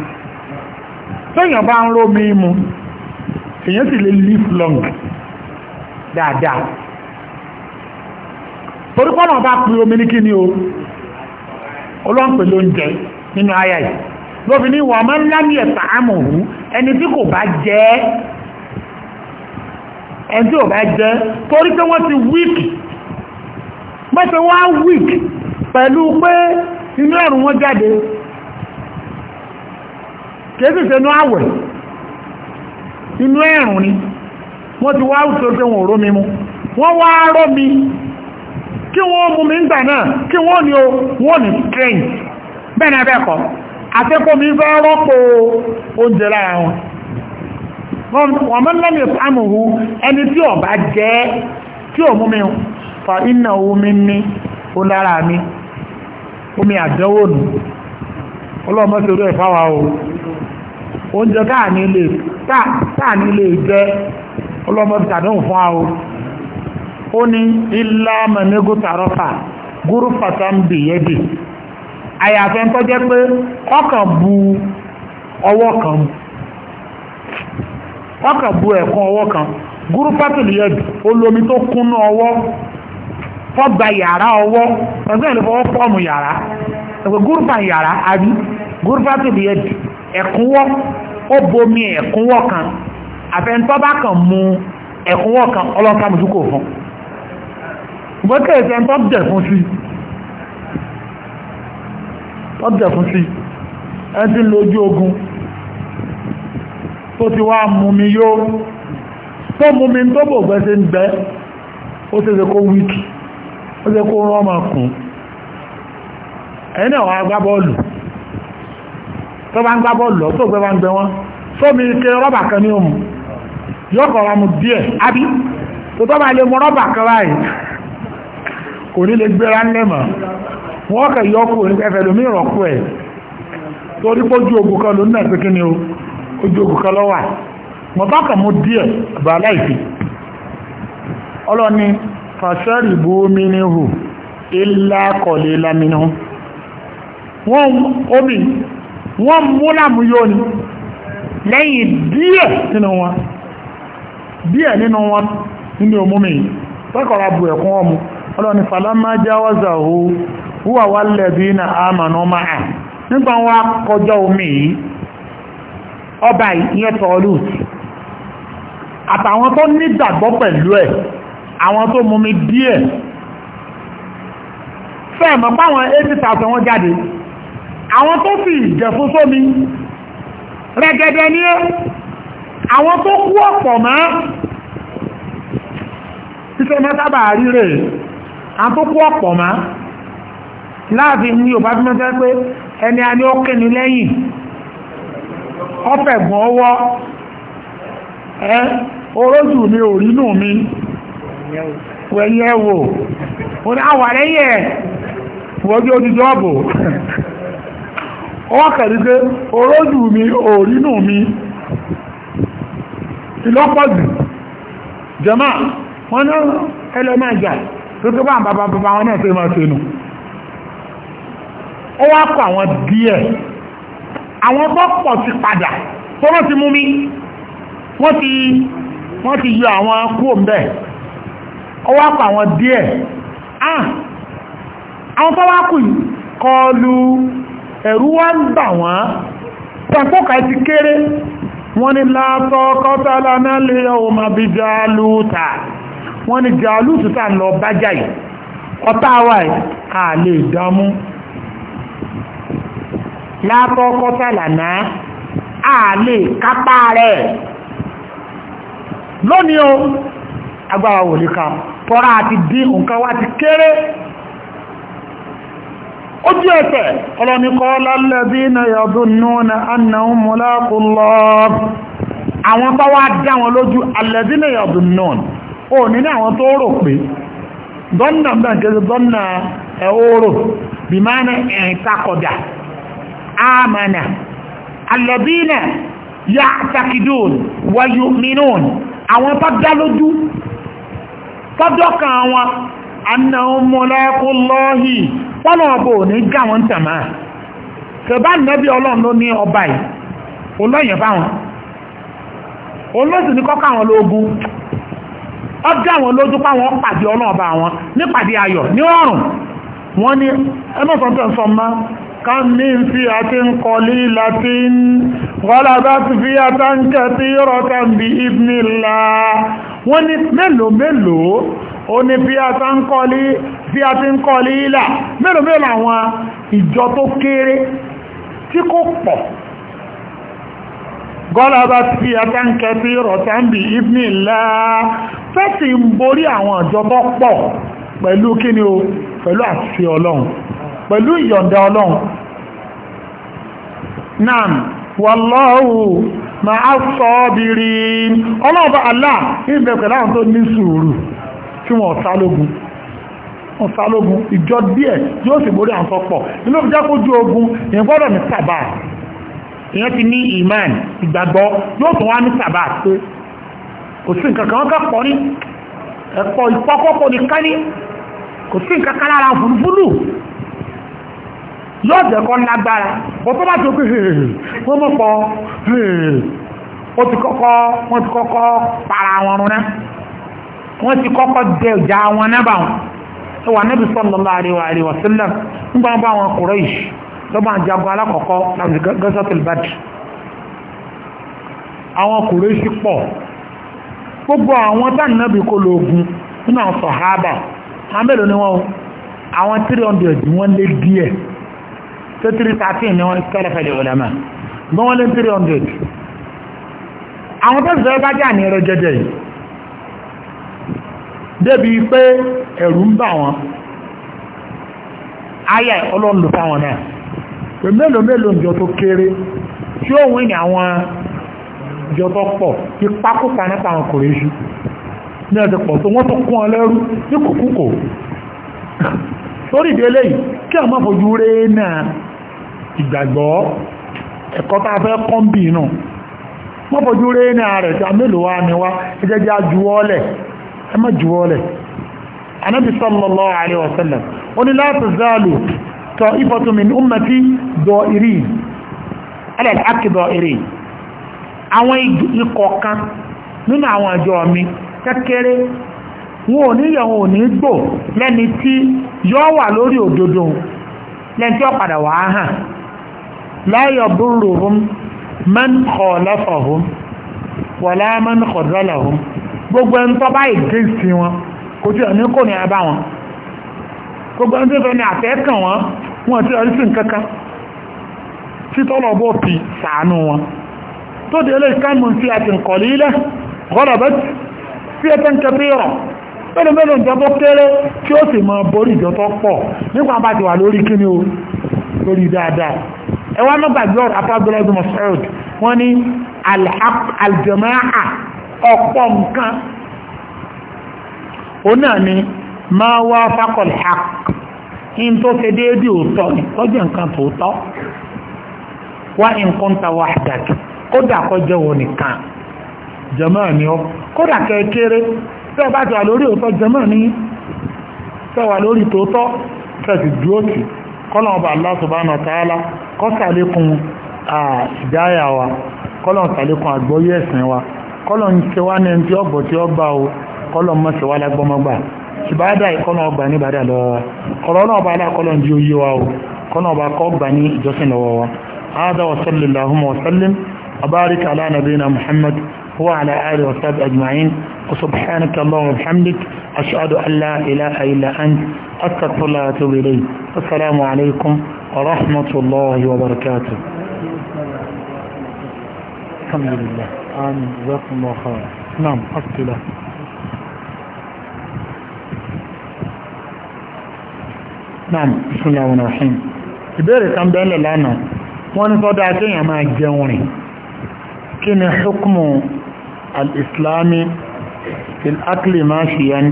tóyàn bá ń rómi mu èyàn sì lè live long dáadáa torí pọ́nà bá pè omi ní kí ni o ọlọ́pẹ̀ ló ń jẹ nínú ayá yìí lóbi ní wọ́n máa ń lámì ẹ̀sà àmọ̀hú ẹni tí kò bá jẹ́ ẹni tí kò bá jẹ́ torí pé wọ́n ti wíìkì mọ́sẹ̀ wá wíìkì pẹ̀lú pé inú ọ̀run wọ́n jáde kéèsì sẹ́nu àwẹ̀ inú ẹ̀rùn ni wọ́n ti wá òtò pé wọ́n rómi mú wọ́n wá rómi kí wọ́n mú mi ń gbà náà kí wọ́n ní o wọ́n ní strength bẹ́ẹ̀ náà bẹ́ẹ̀ kọ́ àtẹ́kọ́ mi fẹ́ rọ́pò oúnjẹ lára wọn wọ́n mọ́ lẹ́mí ìpámùhù ẹni tí ó bá jẹ́ tí ò mú mi fa iná omi ní ó mi omi àdánwò nù ọlọ́mọ́sí orí ẹ̀fà o oúnjẹ káàní lè káàní lè jẹ́ àdánwò fún wa ó ní ilá mẹ́négó tàrọ́fà gúrú fàtàǹbì yẹ́dì àyàfẹ́ tó jẹ́ pé ọkàn bu ọwọ́ kan ọkàn bu ẹ̀kan ọwọ́ kan gúrú fàtàǹbì yẹ́dì tó fọ́gbà yàrá ọwọ́ ọgbẹ́ ìlú fọwọ́ fọ́ọ̀mù yàrá ẹ̀kọ́ gúrùfà yàrá àbí gúrùfà tó lè ẹ̀kúnwọ́ ó bomi ẹ̀kúnwọ́ kan àfẹ́ntọ́ bá kàn mú ẹ̀kúnwọ́ kan ọlọ́ta mùsùkò fún gbọ́kẹ́ ẹ̀fẹ́ntọ́ dẹ̀ fún sí ọdẹ̀ fún sí ẹ̀dín lójú ogun tó ti wá mumi yóò tó mumi tó bò gbẹ́sẹ̀ ń bẹ́ ó ṣe ṣe kó wíkì ó jẹ́ kó rán ọmọ kùn ẹni náà wọ́n gbá bọ́ọ̀lù tó bá ń gbá lọ tó gbé bá ń gbẹ wọn sómi ike rọ́bà kan ní òmù yọkọ̀ ọmọ díẹ̀ àbí tó tọ́ bá lè mọ rọ́bà kan báyìí kò ní lè gbéra ńlẹ̀ mọ́ wọ́n kẹ̀ yọkù ọlọ́ni fàṣẹ́rìbú mínihù ilá kọ̀lé lámínú wọ́n omi wọ́n múlàmù yóò ní lẹ́yìn díẹ̀ nínú wọn díẹ̀ nínú wọn nínú omúmi tọ́kọ̀rọ̀ bù ẹ̀kún ọmọ ọlọ́ni falama jáwọ́zà ó wúwà wà lẹ́bí na àmànà máa nígbà wọn kọjọ omi yìí ọba ìyẹn àtàwọn tó nígbàgbọ́ pẹ̀lú ẹ̀ àwọn tó mú mi díẹ̀ fẹ́ẹ̀mọ̀ páwọn 80,000 wọn jáde àwọn tó fi ìjẹ̀fún sómi rẹ̀gẹ̀dẹ̀ ní ẹ́ àwọn tó kú ọ̀pọ̀ mọ́ títẹ́ mẹ́sábà ríre àwọn tó kú ọ̀pọ̀ mọ́ láàfin ní ò bá fi mẹ́sẹ́ pé ẹni a ní ó kí ni lẹ́yìn ọ̀fẹ̀gbọ̀n ọwọ́ ẹ́ orójù mi ò rínú mi wẹ̀yẹ wò ó ní àwọn àrẹ́yẹ wọ́n bí ó ti jọ́ọ̀bù ọwọ́ kẹ̀rí pé orójù mi òrínù mi ìlọ́pọ̀jù jẹ́mà wọ́n ní ẹlẹ́mẹ́jà tó tó bá ń bàbá bàbá wọn náà tó máa ṣe nù ó wá kọ àwọn díẹ̀ àwọn bọ́pọ̀ ti padà tó wọ́n ti mú mi wọ́n ti yọ àwọn kúò mbẹ́ẹ̀ ó wá pa àwọn díẹ̀ ah! àwọn tó wá kù kọlu ẹ̀rú wá ń bà wọ́n tàpọ́kà ti kéré wọ́n ni látọ́ kọ́tàlá náà lè ọmọ bí jálúta wọ́n ni jálúta tà lọ bájá yìí ọ̀tá wa yìí a lè dámú látọ́ kọ́tàlá náà a lè kápá rẹ̀ lónìí o agbára wò tọ́ra àti dín nǹkan wá ti kéré ó jẹ́ ẹ̀fẹ̀ ọlọ́nikọ́ lálẹ́bí na yọ̀dún núna annáhùn mọ́láàkùnlọ́ àwọn tó wá dá lójú alẹ́bí na yọ̀dún núna ó ní àwọn tó rò pé na àwọn tó dá lójú kọ́dọ́kà wọn anna mọ́lẹ́kú lọ́hì wọ́n ọ̀bọ̀ ní gà gáwọn tàmà kẹbà nẹ́bí ọlọ́run ló ní ọba yìí olóyìn báwọn olóòsì ní kọ́kà wọn lógún ọjọ́ àwọn lójú páwọn pàdé ọlọ́ọ̀bà wọn pàdé ayọ̀ ní ọrùn wọ́n ní ẹmọ́sọ̀tẹ̀sọ ma ká ní fi àti ń kọ líla tí ń wọ́lá bá ti fi àtàǹkẹ́ tí rọ́ta bí ibnilá wọ́n ní mélòó mélòó ó ní bí a ti ń kọ líla mélòó mélòó àwọn ìjọ tó kéré tí kò pọ̀ gọ́lá bá ti fi àtàǹkẹ́ tí rọ́ta bí ibnilá fẹ́ pẹ̀lú kíni o pẹ̀lú àti ọlọ́run pẹ̀lú ìyọ̀ǹda ọlọ́run náà wallahu ma'a sabirin ọlọ́run bá Allah ìbẹ̀ pẹ̀lú àwọn tó ní sùúrù tí wọ́n sálógun wọ́n sálógun ìjọ díẹ̀ yóò sì borí àwọn sọpọ̀ inú fi jákójú ogun èèyàn gbọ́dọ̀ ní sàbà èèyàn ti ní iman ìgbàgbọ́ yóò tún wá ní sàbà pé kò sí nǹkan kan kọ́ ní ẹ̀pọ̀ ìpọ́kọ́kọ́ nìkan ní kò sí nǹkan kan lára fúrufúrú yóò jẹ́ kọ́ lágbára o tó bá tó pé wọ́n mọ̀ pọ̀ o ti kọ́kọ́ wọ́n ti kọ́kọ́ para wọn rún náà wọ́n ti kọ́kọ́ jẹ ìjà wọn náà bá wọn ẹ wà Nábì sallallahu alaihi wa sallam nígbà wọn bá wọn Quraysh lọ́bàá jagun alákọ̀ọ́kọ́ láti Ghazwatul Badr àwọn Quraysh pọ̀ gbogbo àwọn tánàbí kó lo ogun nínú àwọn sọ̀hábà àwọn mélòó ni wọ́n àwọn 300 wọ́n lé díẹ̀ tó 313 ni wọ́n kẹ́lẹ̀fẹ́ lè ọ̀dàmà gbọ́n wọ́n lé 300 àwọn tó sọ bá jà ní ẹrọ jẹjẹ yìí débi pé ẹ̀rù ń bà wọ́n ayé ọlọ́run lò fáwọn náà pé mélòó mélòó ìjọ tó kéré tí ìjọ tó pọ̀ ti pákúta nípa àwọn kòrè iṣu ní ọ̀sẹ̀ pọ̀ tó wọ́n tó kún ọ lẹ́rú ní kòkúkò torí ìdílé yìí kí a máa fojú rẹ̀ náà ìgbàgbọ́ ẹ̀kọ́ tá a fẹ́ kọ́ńbì náà wọ́n fojú rẹ̀ náà rẹ̀ tí a mélòó wa ni wá ẹjẹ́ jẹ́ àjúwọ́lẹ̀ ẹ má jùwọ́lẹ̀ anábì sallallahu alaihi wasallam ó àwọn ikọ̀ kan nínú àwọn àjọ mi kékeré wọn ò ní yọ wọn ò ní gbò lẹ́ni tí yọ wà lórí òdodo lẹ́ni tí ó padà wà á hàn láyọ̀ búrò hùm man kọ̀ lọ́fọ̀ hùm wọ̀lá man kọ̀ dọ́là hùm gbogbo ẹni tó bá ìgbésí wọn kò tí ò ní kò ní abá wọn gbogbo ẹni tó fẹ́ ni àtẹ́kàn wọn wọn ti ọdún sí nǹkan kan títọ́lọ́bọ̀ fi sàánú wọn tó dé ilé kan mú sí àti nkọ̀lú ilẹ̀ gọ́lọ̀bẹ́ sí ẹ̀tẹ́ kẹfẹ́rọ̀ mẹ́lẹ̀ mẹ́lẹ̀ ìjọ tó kéré kí ó sì mọ borí ìjọ tó pọ̀ nípa bá ti wà lórí kíní o lórí dáadáa ẹwà mọ́gbàgbé ọ̀rọ̀ apábẹ́lẹ́dùn mọ̀sẹ́rọ̀d wọ́n ní aljama'a ọ̀pọ̀ nǹkan ó in tó ṣe kódà kọjọ wọn nìkan jàmáà ni ọ́ kódà kẹ́kẹ́rẹ́ tẹ́ bá ti wà lórí òótọ́ jàmáà ni tẹ́ wà lórí tòótọ́ tẹ́sì dúótì kọ́nà ọba Allah subhanahu wa ta'ala kọ́sàlékún ìdáyà wa kọ́nà ọ̀sàlékún àgbọ́yé ẹ̀sìn wa kọ́nà ń ṣe wá ní ẹni tí ọ̀bọ̀ tí ó o kọ́nà mọ́ ṣe wá lágbọ́mọ́gbà ìbáadà ìkọ́nà ọgbà ní ìbáadà lọ́wọ́ ọ̀rọ̀ náà bá alákọ́lọ̀ ń di oyé wa o kọ́nà ọba kọ́ gbà ní ìjọsìn هذا وصلى اللهم وسلم وبارك على نبينا محمد وعلى آله وصحبه أجمعين وسبحانك اللهم وبحمدك أشهد أن لا إله إلا أنت أستغفر الله وأتوب إليه السلام عليكم ورحمة الله وبركاته الحمد لله آمين جزاكم الله خير نعم أسئلة نعم بسم الله الرحمن الرحيم ìbéèrè kan bẹ́ẹ̀ lẹ̀ lánàá wọ́n ní sọ́dọ̀ akéèyàn máa jẹun rìn kí ni hukmu al-islami fil akli mashiyan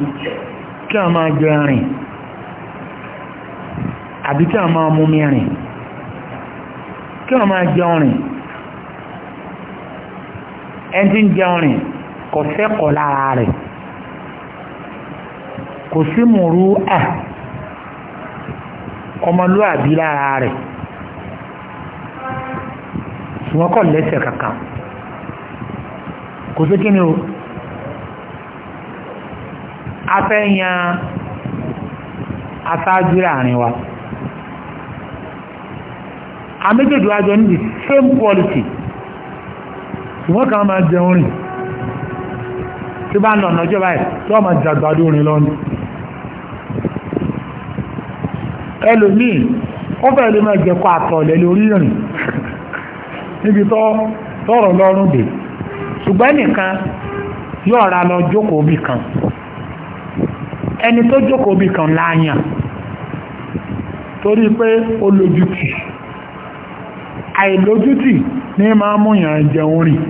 kí a máa jẹ rìn àbí kí a máa mú mi rìn kí a máa jẹ rìn ẹni jẹ rìn kò sẹ́kọ̀ọ́ lára rẹ̀ kò sí mùrú à ọmọlúwàbí lára rẹ̀ ṣùgbọ́n kò lẹ́sẹ̀ kankan kò sí kí ni o afẹ́yàn aṣáájú láàrin wa a méjèèjì wájọ ní the same quality wọ́n kàn máa jẹun rìn tí bá ń lọ ọ̀nàjọ́ báyìí tí wọ́n máa jàgbàdo rìn lọ́nà ẹlòmíì ó fẹ́ lè máa jẹ́kọ́ àtọ̀lẹ̀ lórí rìn níbi tọ́rọ̀ lọ́rùn dè ṣùgbọ́n nìkan yóò ra lọ jókòó bì kan ẹni tó jókòó bì kan láàyàn torí pé ó lójútì àìlójútì ní máa mú yàn jẹun rìn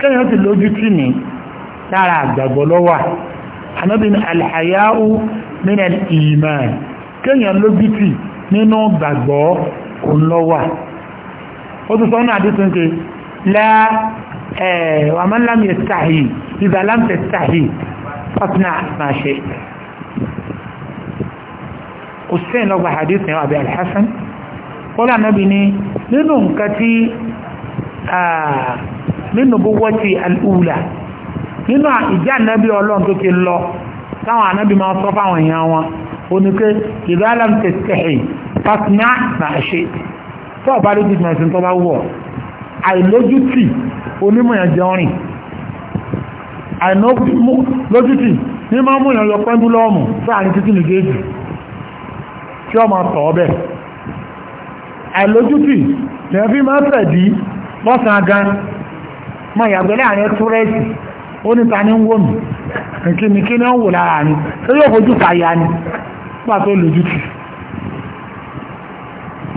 kéèyàn ti lójútì ní lára àgbàgbọ́ lọ́wà anábì ní alhayáú nínú ìmàn kéèyàn lójútì nínú gbàgbọ́ òun lọ́wà ó tún sọ́nà àdísùn ṣe láà wà máa lámì ẹ̀sìtàhì ìgbà lámì ẹ̀sìtàhì pàtínà máa ṣe hussein lọ́gbà hadith ní àbí alhassan kọ́lá nábi ni nínú nǹkan tí nínú gbogbo ti al'ula nínú ìjà nábi ọlọ́run tó ti lọ táwọn anábi máa sọ fáwọn èèyàn wọn oníkẹ́ ìgbà lámì ẹ̀sìtàhì pàtínà máa ṣe tó ọ̀bá lójú ìmọ̀ ẹ̀sìn tó bá wọ̀ àìlójútì onímọ̀ yẹn jẹ ọrìn àìlójútì ní máa mú ìyàn lọ pẹ́ndúlọ́ọ̀mù sáàrin títí nìgéèjì tí ọmọ tọ̀ ọbẹ̀ àìlójútì lẹ́yìn fi máa tẹ̀dí lọ́sàn-án gan mọ ìyàgbẹ́ láàrin ó níta ní wò mí kìkìmí kí lára ni tó yóò fojú fàyà ni pàtó lójútì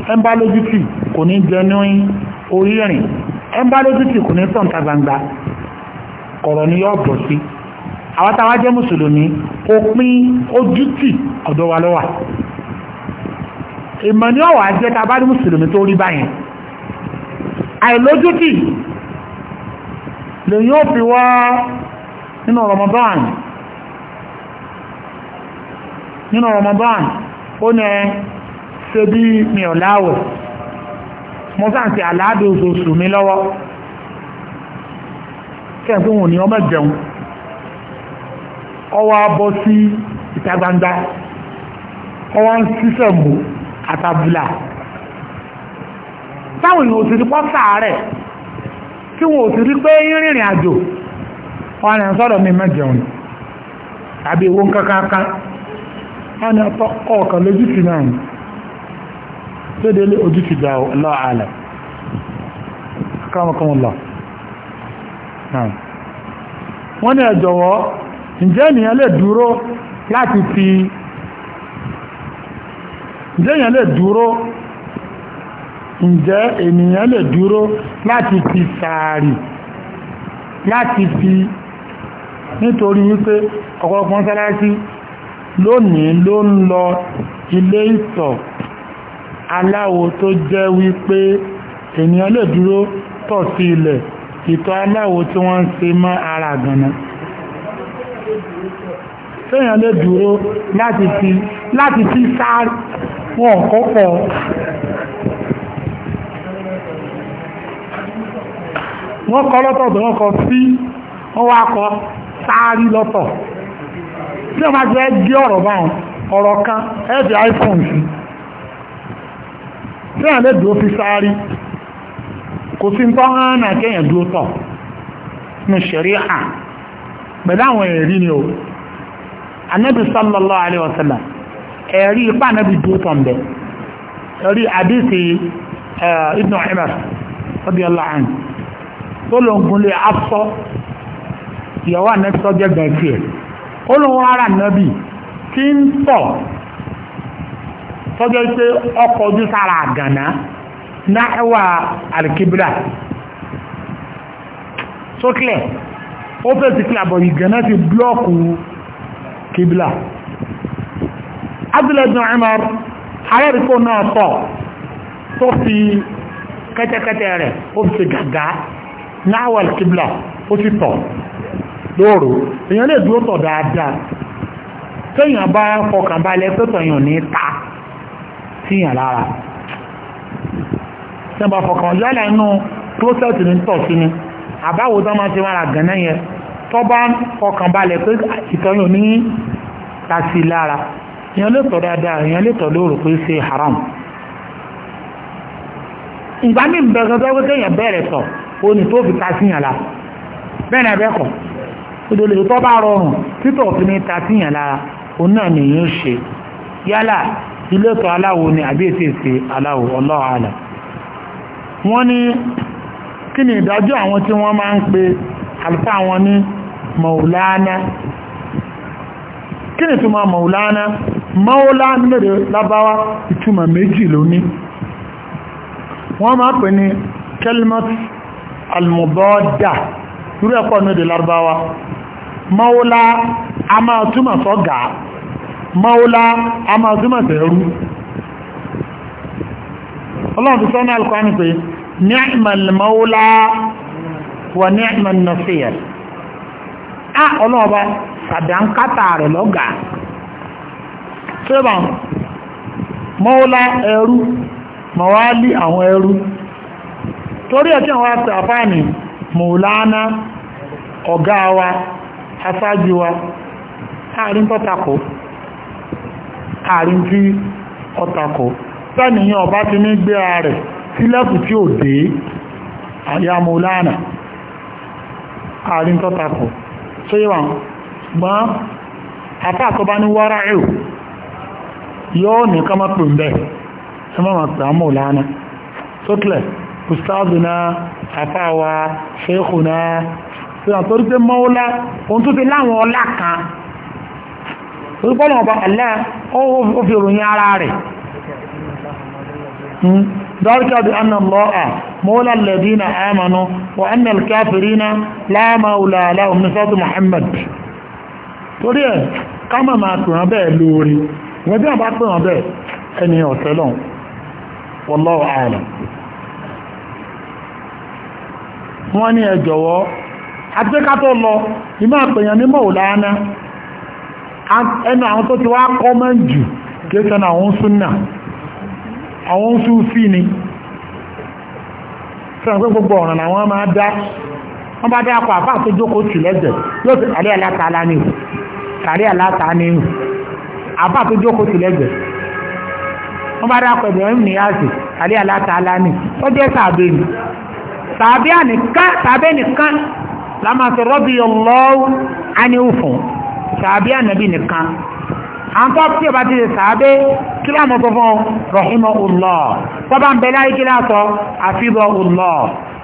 ẹmbá kò ní jẹ ní orí rìn ẹmbá lójú tì kò ní tọ̀ǹta gbangba ọ̀rọ̀ ni yóò bọ̀ sí àwọn táwa jẹ́ mùsùlùmí òpin ojú tì ọ̀dọ̀ wa lọ́wà ìmọ̀ ni ọ̀wà jẹ́ ta bá ní mùsùlùmí tó rí báyẹn àìlójútì lè yóò fi wá nínú Ramadan nínú Ramadan ó ní ẹ ṣe bí mi ò láwẹ̀ mo sàn sí àládùn oṣooṣù mi lọ́wọ́ kẹ́ẹ̀kọ́ wọn ni ọmọ jẹun ọwọ́ abọ́ sí ìta gbangba ọwọ́ ń ṣiṣẹ́ mú àtàbùlà táwọn èèyàn òsì rí pọ́sà rẹ̀ tí òsì rí pé rìnrìn àjò wọn ni sọ́dọ̀ mi mẹ́jẹun tàbí owó kankan kan wọn ni ọkọ̀ lójú ti náà tó délé ojú ti dà ọ́ láàálẹ̀ kọ́mọkọ́mọlọ wọ́n ní ẹ̀jọ̀wọ́ ǹjẹ́ ènìyàn lè dúró láti fi ǹjẹ́ ènìyàn lè dúró ǹjẹ́ ènìyàn lè dúró láti fi sàárì láti fi nítorí wípé ọ̀pọ̀lọpọ̀ mọ́sálásí lónìí ló ń lọ ilé ìtọ̀ aláwo tó jẹ́ wípé ènìyàn lè dúró tọ̀ sí ilẹ̀ ìtọ̀ aláwo tí wọ́n ń ṣe mọ́ ara gànà téèyàn lè dúró láti fi láti fi sáré wọn kọ́kọ́ wọ́n kọ́ lọ́tọ̀ tó wọ́n kọ́ sí wọ́n wá kọ́ sáré lọ́tọ̀ tí wọ́n bá jẹ́ gé ọ̀rọ̀ báwọn ọ̀rọ̀ kan ẹ̀ẹ́dì iphone sí tí àlẹ́ dúró fi sáárí kò sí tọ́ hánà kéèyàn dúró tọ̀ ní ṣẹ̀rí à pẹ̀lú àwọn ẹ̀rí ni o anábì sallallahu alaihi wasallam ẹ̀rí ipá anábì dúró tọ̀ mbẹ̀ ẹ̀rí àdìsí ibn Umar radiyallahu anhu tó ló ń gúnlé afọ́ ìyàwó anábì sọ́jẹ́ gbẹ̀ẹ́ tiẹ̀ ó lóun ara anábì tí ń tọ̀ tọ́jọ́ pé ọkọ̀ ojú sára àgànná náhẹ́wà alikibra sókèlè ó fẹ́ sí kílà bọ̀ ti blọ́ọ̀kù kibla Abdullahi bin Umar alárìkò náà tọ̀ tó fi kẹ́tẹ́kẹ́tẹ́ rẹ̀ ó fi gàgá náhẹ́wà alikibra ó ti tọ̀ lóòrò èèyàn lè dúró tọ̀ dáadáa téèyàn bá fọkàn balẹ̀ ní ta síyàn lára sẹ́bà fọkàn yọ́lẹ̀ inú closet ní tọ̀ sí ni àbáwo tó máa ti máa ra gànà yẹn tó bá fọkàn balẹ̀ pé ìtọ́yún ní tasi lára èèyàn lè tọ̀ dáadáa èèyàn lè tọ̀ lóòrò pé ṣe haram ìgbà mí bẹ̀rẹ̀ tó wípé èèyàn bẹ̀rẹ̀ tọ̀ ó ní tó fi ta síyàn lára bẹ́ẹ̀ ni abẹ́kọ̀ ìdòlè tó bá rọrùn títọ̀ fi ní ta síyàn lára òun náà nìyí ń ṣe yálà ilé tọ́ aláwo ni àbí èsì èsì aláwo ọlọ́wọ́ àlà wọ́n ní kí ni ìdájọ́ àwọn tí wọ́n máa ń pe àlùfà wọn ní maulana kí ni ìtumọ̀ maulana maula nílẹ̀ lábáwá ìtumọ̀ méjì lóní wọ́n máa pè ní kelmot almubọ́dà irú nílẹ̀ lábáwá maula a máa túmọ̀ sọ́gàá maula a ma túmọ̀ sí ẹrú ọlọ́run ni'mal maula wa ni'man nasir a ọlọ́run bá sàdánkátà rẹ̀ ma'ula sẹ́bàn mọ́ọ́lá ẹrú mọ̀wálí àwọn ẹrú torí ẹ̀ àwọn àti ọ̀gá wa aṣáájú wa láàrin àárín tí ọtakọ̀ sẹ́niyàn ọba ti ní gbé ara rẹ̀ sílẹ̀kù tí ò dé àyàmúlànà àárín tọ́takọ̀ tó yíwa gbọ́n àfáàkọ́ bá ní wárá ẹ̀rù yóò ní kọ́mọ́ pè ń bẹ̀ ẹ mọ́ máa pè á mọ̀ lánà sókèlè ustazuna àfáàwà ṣéèkùnà tí wọ́n torí pé mọ́ọ́lá ohun tó ti láwọn ọlá kan orúkọ́lọ̀ ọba alẹ́ ó fi òròyìn ara rẹ̀ hmm? dọ́ríkà bí anna lọ́à mọ́lá lẹ́dínà àmànú wa anna káfìrínà láàmà òlàlá òmìnirọ́tù Muhammad torí ẹ̀ káàmà máa pè wọ́n bẹ́ẹ̀ lórí wọ́n bí wọ́n bá pè wọ́n bẹ́ẹ̀ ẹni ọ̀tẹ́lọ̀ wallahu a'lam wọ́n àti pé ká tó lọ ìmọ̀ àpèyàn ní mọ̀ọ́lá náà ẹnu àwọn tó ti wá kọ́mọ̀n jù kéèkàn àwọn súnnà àwọn súnfí ni sọ́nà pé gbogbo ọ̀ràn àwọn máa dá wọ́n bá dákọ̀ àfáà tó jókòó tì lẹ́jẹ̀ yóò fi àrí àlátàálá ní ìhù sàrí àlátàá ní ìhù àfáà tó jókòó tì lẹ́jẹ̀ wọ́n bá dákọ̀ ìbẹ̀rẹ̀ ní yáàsì àrí ní ó jẹ́ sàbẹ̀ ni sàábé ànábì nìkan àǹtọ́ tí ọba ti sàábé kí láàmù fọ́fún rọ̀hìmọ̀ ọlọ́ tọ́bá ń bẹ láyé kí láàtọ̀ àfihàn ọlọ́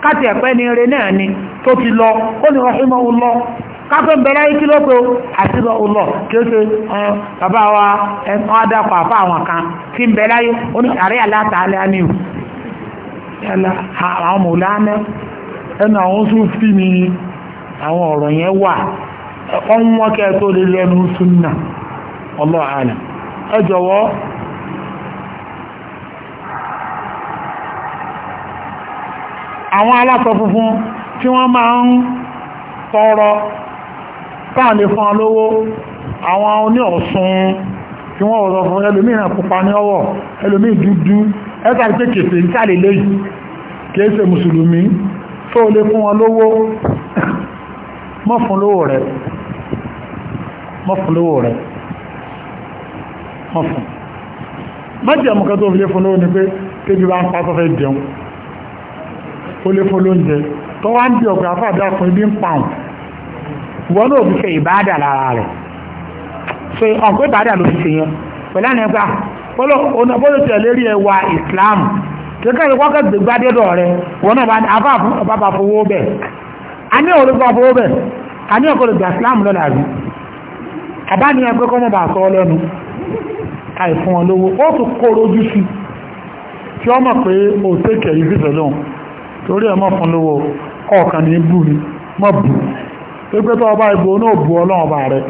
káti ẹ̀pẹ́ ni eré náà ni tó ti lọ ó ní rọ̀hìmọ̀ ọlọ́ kápẹ́ ń bẹ láyé kí lóko àfihàn ọlọ́ kí ó ṣe bàbá wa ẹ̀kọ́ adàpọ̀ àfọ́ àwọn kan tí ń bẹ láyé ó ní àárẹ̀ aláta alẹ́ àníw àwọn mọ̀lánà ẹnu àwọn tó fi mi àwọn ọ̀rọ̀ yẹn wà ẹ̀kọ́ ń wọ́n kẹ́ tó lè lẹ́nu súnnà ọlọ́àánà ẹ jọ̀wọ́ àwọn aláṣọ funfun tí wọ́n máa ń tọrọ káàlè fún alówó àwọn oní ọ̀sùn tí wọ́n ọ̀rọ̀ fún ẹlòmí ìrìn pupa ní ọwọ́ ẹlòmí dúdú ẹ́tàrí pé kèfè ń tàlè lẹ́yìn kìí tó lè fún wọn mọ́ fún lówó rẹ̀ mọ́fúnlówó rẹ̀ mọ́fún májẹ̀ mọ́ká tó fílé fún lówó ni pé tébí bá ń pa tó fẹ́ jẹun ó lé fún lóúnjẹ tó wá ń bí ọ̀pẹ́ afáàdá fún ibi ń pàùn wọ́n náà fi ṣe ìbáàdà lára rẹ̀ ṣe ọ̀pẹ́ ìbáàdà ló fi ṣe yẹn pẹ̀lú àná ẹgbà bọ́lọ̀ tẹ̀ lérí ẹwà Islam kékeré wákàtí gbàdédọ̀ rẹ̀ wọ́n náà bá fowó bẹ̀ a ní ọ̀rọ̀ gbà fowó bẹ̀ a ní ọ̀kọ̀lẹ̀ gbà Islam lọ́la rí àbá ní ẹgbẹ́ kọ́ mọ́ bá sọ lẹ́nu àìfún ọ lówó ó tún kó rojú sí tí ó mọ̀ pé ó tẹ́kẹ̀ yìí fífẹ̀ lóhun torí ẹ̀ mọ̀ fún lówó ọ̀kan ní bù ní mọ̀ bù pé tó ọba ìbò náà bu ọlọ́run ọba rẹ̀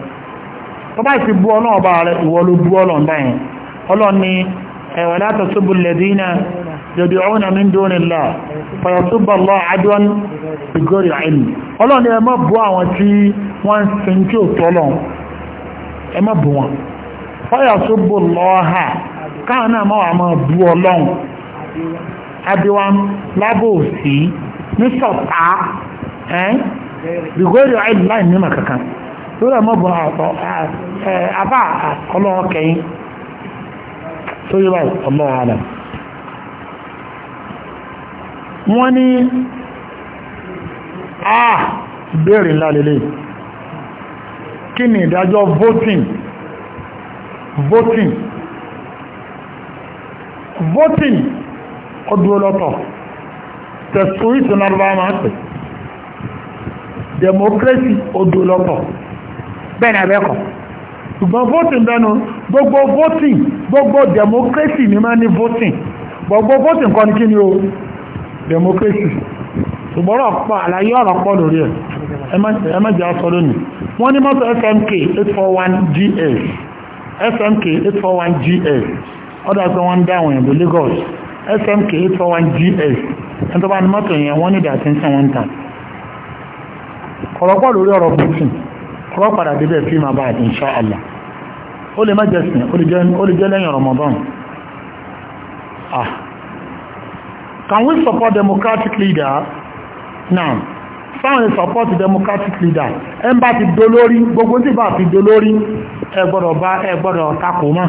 tó bá ti bu ọlọ́run ọba rẹ̀ ìwọ ló bu ọlọ́run báyìí ọlọ́run ni ẹ̀wẹ̀ látọ̀ tó bu lẹ́dínà yọ̀dì ọ̀hún àmì dónìlá fọ̀yọ̀túbọ̀ lọ adọ́n ìgọ́rì àìlú ọlọ́run ni ẹ mọ̀ bu àwọn tí wọ́n ń sin tí ò tọ́lọ́run ẹ bù wọn fọyà sóbò lọ́ọ̀hà káwọn náà má wàá máa bú ọlọ́run abiwa lábò òsì ní sọ̀tà bìgọ́rì ọ̀hìn láì mímọ̀ kankan lórí ẹ̀ má ọlọ́run ọlọ́run wọ́n ní a ńlá kí ni ìdájọ́ voting voting voting ọdún ọlọ́tọ̀ tẹ̀sùwìtì náà bá máa pè democracy ọdún ọlọ́tọ̀ bẹ́ẹ̀ ni abẹ́kọ̀ ṣùgbọ́n voting bẹ́nu gbogbo voting gbogbo democracy ni máa ní voting gbogbo voting kọ́ ni kí ni o democracy ṣùgbọ́n ọ̀pọ̀ àlàyé ọ̀rọ̀ pọ̀ lórí ẹ̀ ẹ má jẹ́ aṣọ lónìí wọ́n ní mọ́tò smk 841gs smk 841gs ọ̀dà pé wọ́n ń dá àwọn Lagos smk 841gs ẹni tó bá ní mọ́tò yẹn wọ́n ní ìdá tí ń sàn wọ́n ń tà kọ̀rọ̀pọ̀ lórí ọ̀rọ̀ putin kọ̀rọ̀ padà débẹ̀ fi máa bá àti insha Allah ó lè má jẹ sìn ó lè jẹ́ lẹ́yìn Ramadan ah can we support democratic leader now sáwọn support democratic leader ẹ ń bá ti dolórí gbogbo tí bá fi dolórí ẹ bá ẹ takò mọ́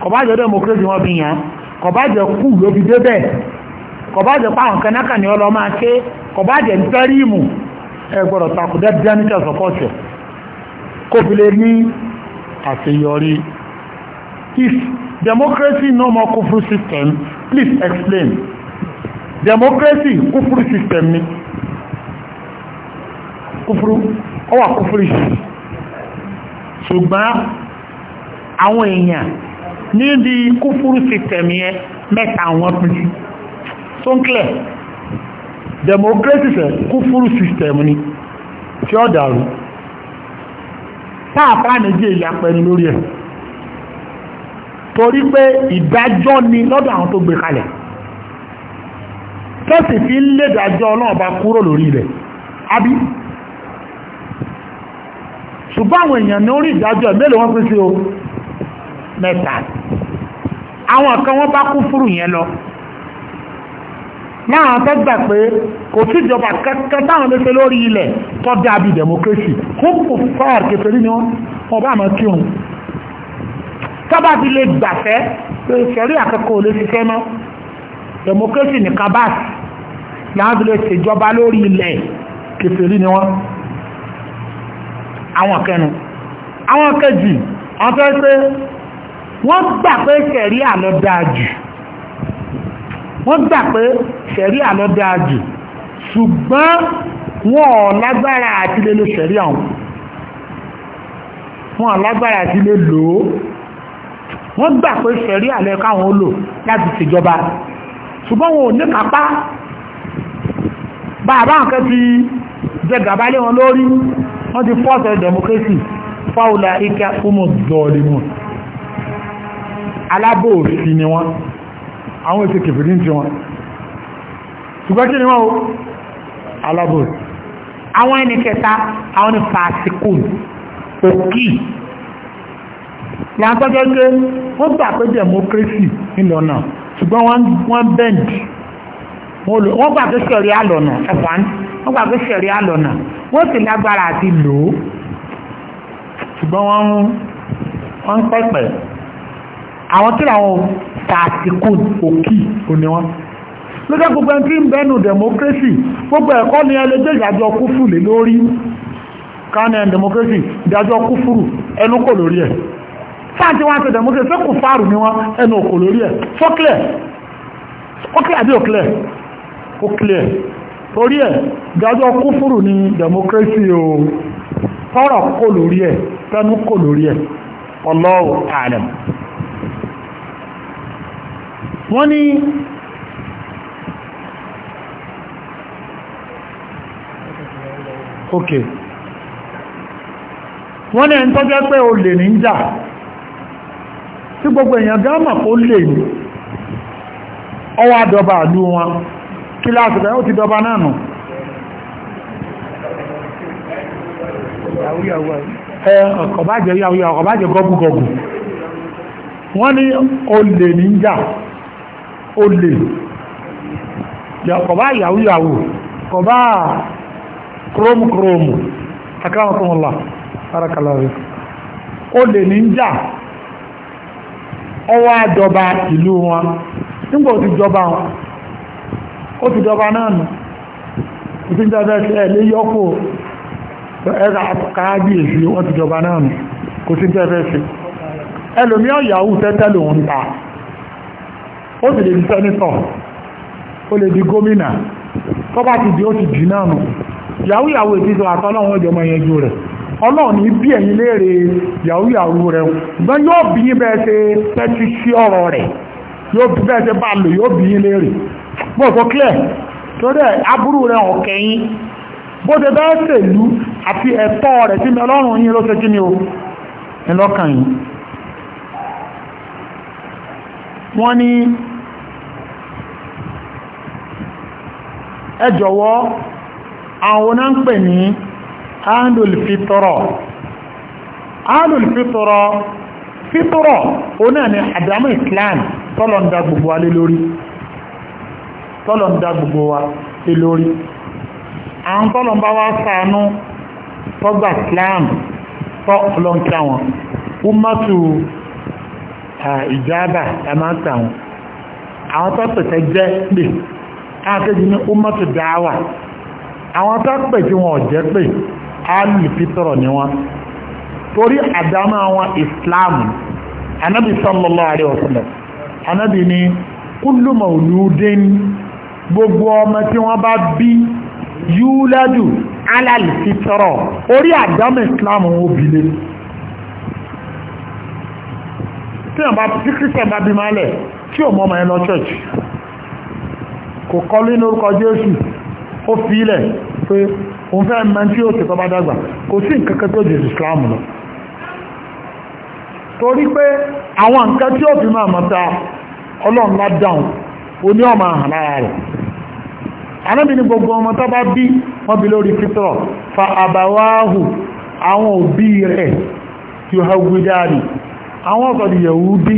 kò democracy wọ́n fi yàn kò bá jẹ́ kú ló fi débẹ̀ kò bá jẹ́ páwọn kanáka ni ọlọ́ máa ké kò bá ntẹ́rìmù ẹ takò dẹ́dẹ́ support ẹ̀ kó fi lè if democracy no more kufru system please explain democracy kufru system ni kúfúrú ó wà kúfúrú ṣùgbọ́n àwọn èèyàn níbi kúfúrú sí tẹ̀mí ẹ mẹ́ta àwọn pín tó ń kílẹ̀ democracy sẹ kúfúrú system ni tí ó dàrú pàápàá nìjẹ́ ìyapẹni lórí ẹ̀ torí pé ìdájọ́ ni lọ́dọ̀ àwọn tó gbé kalẹ̀ tẹ́sì fi ń lé ìdájọ́ ọlọ́ọ̀bá kúrò lórí rẹ̀ àbí ṣùgbọ́n àwọn èèyàn ní orí ìdájọ́ mélòó wọ́n pín sí o mẹ́ta àwọn kan wọ́n bá kú fúrù yẹn lọ láwọn tó gbà pé kò síjọba kẹkẹ táwọn lè ṣe lórí ilẹ̀ tó dàbí democracy kókò fáwà kẹfẹ́rí ni wọ́n bá mọ́ kírun tọ́ba ti lè gbàfẹ́ pé ìṣẹ̀rí àkẹ́kọ̀ọ́ lè ṣiṣẹ́ mọ́ democracy ní kabas láwọn lè ṣèjọba lórí ilẹ̀ kẹfẹ́rí ni wọ́n àwọn kẹnu àwọn kejì àwọn tó ṣe wọ́n gbà pé ṣẹ̀rí àlọ́ dáa jù wọ́n gbà pé ṣẹ̀rí àlọ́ dáa jù ṣùgbọ́n wọn ò lágbára àti lè lo ṣẹ̀rí àwọn wọn ò lágbára àti lè lò ó wọ́n gbà pé ṣẹ̀rí àlọ́ káwọn ó lò láti ṣèjọba ṣùgbọ́n wọn ò ní kápá bàbá nǹkan ti jẹ gàbálé wọn lórí wọ́n ti fọ́ọ̀sẹ̀ democracy fáwọlá ika fúnmọ̀ dọ̀ọ̀lẹ́mù alábò òfin ni wọ́n àwọn ètò kèfèrí tí wọ́n ṣùgbọ́n kí ni wọ́n alábò àwọn ẹni kẹta àwọn ni fàásíkùn òkì làǹtọ́gẹ́gẹ́ wọ́n gbà pé democracy nílọ náà ṣùgbọ́n wọ́n bend wọ́n gbà pé sẹ̀rí àlọ́nà ẹ̀fọ́n wọ́n gbà pé sẹ̀rí àlọ́nà wọ́n sì lágbára àti lò ó ṣùgbọ́n wọ́n ń wọ́n ń pẹ̀pẹ̀ àwọn tí làwọn tààtìkù òkì òní wọn lọ́jọ́ gbogbo ẹni tí ń bẹ́nu democracy gbogbo ẹ̀kọ́ ni ẹlẹ́jẹ́ ìdájọ́ kúfù lé lórí kánẹ̀ democracy ìdájọ́ kúfùrù ẹnu kò lórí ẹ̀ fáàtí wọ́n ṣe democracy fẹ́ kò fáàrù ní wọ́n ẹnu kò lórí ẹ̀ fọ́kílẹ̀ ó kílẹ̀ àbí òkílẹ̀ ó kílẹ̀ torí ẹ̀ ìdájọ́ kúfùrù ní democracy o tọ́rọ̀ kò lórí ẹ̀ tẹnu kò lórí ẹ̀ Allahu ààrẹ wọ́n ni ok wọ́n ni ẹ̀ ń tọ́jẹ́ pé o lè ní jà tí gbogbo èèyàn gámà kó lè ní ọwọ́ àdọ́bà àlú wọn kíláàsì rẹ̀ ó ti dọba náà nù ọ̀kọ̀bájẹ̀ yàwó ọ̀kọ̀bájẹ̀ gọ́gùgọ́gù wọ́n ní olè níjà olè ọ̀kọ̀bá Ole yàwó ọ̀kọ̀bá krómkrómù akáwọ̀kọ́mọ̀lá arákàlárẹ̀ olè níjà ọwọ́ àjọba ìlú wọn nígbà ilu ti jọba wọn ó ti dọba náà nù ìpín dáadáa sí ẹ̀ lé yọ́pò ẹ̀rà káàbíyèsí wọ́n ti dọba náà nù kò sí tẹ́fẹ́ sí ẹlòmí ọ̀yàwó tẹ́tẹ́ lòun ta ó sì lè di sẹ́nítọ̀ ó lè di gómìnà tó bá ti di ó ti dì náà nù yàwó yàwó ètí sọ àtọ́lọ́wọ́n ọjọ́ mọ̀ yẹn rẹ̀ ọlọ́run bí ẹ̀yin léèrè yàwó yàwó rẹ̀ ṣùgbọ́n yóò bí yín bẹ́ẹ̀ ṣe tẹ́tí sí ọ̀rọ̀ rẹ̀ yóò bí bẹ́ẹ̀ ṣe bá lò yóò bí yín léèrè bọ́ọ̀kọ́ clear torí ẹ̀ aburú rẹ̀ ọ̀kẹ́yìn bó ṣe bẹ́ẹ̀ ṣèlú àti ẹ̀tọ́ rẹ̀ sí mi ọlọ́run yín ló ṣe kí ni o ẹlọ́kàn yìí wọ́n ní ẹ jọ̀wọ́ àwọn náà ń pè ní áńdòlùfítọ́rọ̀ áńdòlùfítọ́rọ̀ fítọ́rọ̀ ó náà ni àdámù Islam tọ́lọ̀ ń da gbogbo alé lórí tọ́lọ̀ ń dá gbogbo wa sí lórí àwọn tọ́lọ̀ ń bá wá ṣàánú tọ́gbà Islam tọ́ ọlọ́nkà wọn umatu ìjábà ẹ̀máta wọn àwọn tọ́pẹ̀tẹ̀ jẹ́ pè káàkéjì ní umatu dáwà àwọn tọ́pẹ̀ tí wọn ò jẹ́ pè alìpítọ̀rọ̀ ni wọn torí àdámọ́ àwọn Islam anábì sallallahu alaihi wasallam anábì ní kullu mauludin gbogbo ọmọ tí wọ́n bá bí yúlẹ́dù alàlì ti tọrọ orí àdámọ̀ islam wọn obìnrin tí wọ́n bá tí christian bá bí máa lẹ̀ tí ò mọ́ ọmọ ẹ lọ church kò kọ́lé lórúkọ jésù ó fi ilẹ̀ pé òun fẹ́ mọ tí ó ti tọ́ bá dàgbà kò sí nǹkan kan tó jù islam lọ torí pé àwọn nǹkan tí ó fi máa mọ̀ ọlọ́run lá dáhùn oní ọmọ àhànára rẹ̀ anábì ní gbogbo ọmọ tó bá bí wọ́n bí lórí fítọ̀ fa àbáwáhù àwọn òbí rẹ̀ tí ó ha gbídáàrí àwọn ọ̀sọ̀dì yẹ̀wúdí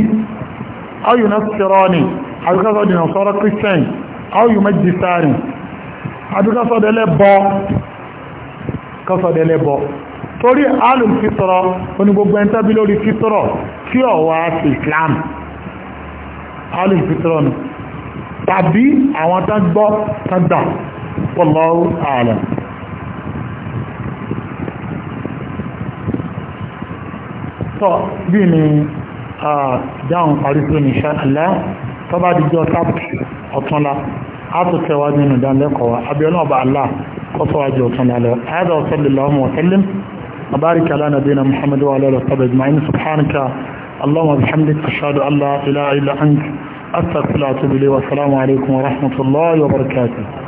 ayùnà sírọ́ni àdúkásọ̀dì nàṣọ́rọ̀ christian ayù mẹ́jìsáàrin àdúkásọ̀dẹ̀lẹ́bọ̀ torí alùn fítọ̀rọ̀ oní gbogbo ẹni tó bí lórí fítọ̀rọ̀ tí ọ̀wà sí Islam alùn fítọ̀rọ̀ tàbí àwọn tán gbọ́ tán gbà wallahu a'lam tọ́ bí ni dáhùn parí sí ní ṣáàlá tó bá dìjọ́ sábà ọ̀túnla a tó tẹwa nínú ìdánilẹ́kọ̀ọ́ abẹ́ọ́nà ọba Allah kọ́sọ́wájú ọ̀túnla lọ نبينا محمد وعلى اله وصحبه اجمعين سبحانك اللهم وبحمدك اشهد الله لا اله الا أستغفر الله وأتوب إليه والسلام عليكم ورحمة الله وبركاته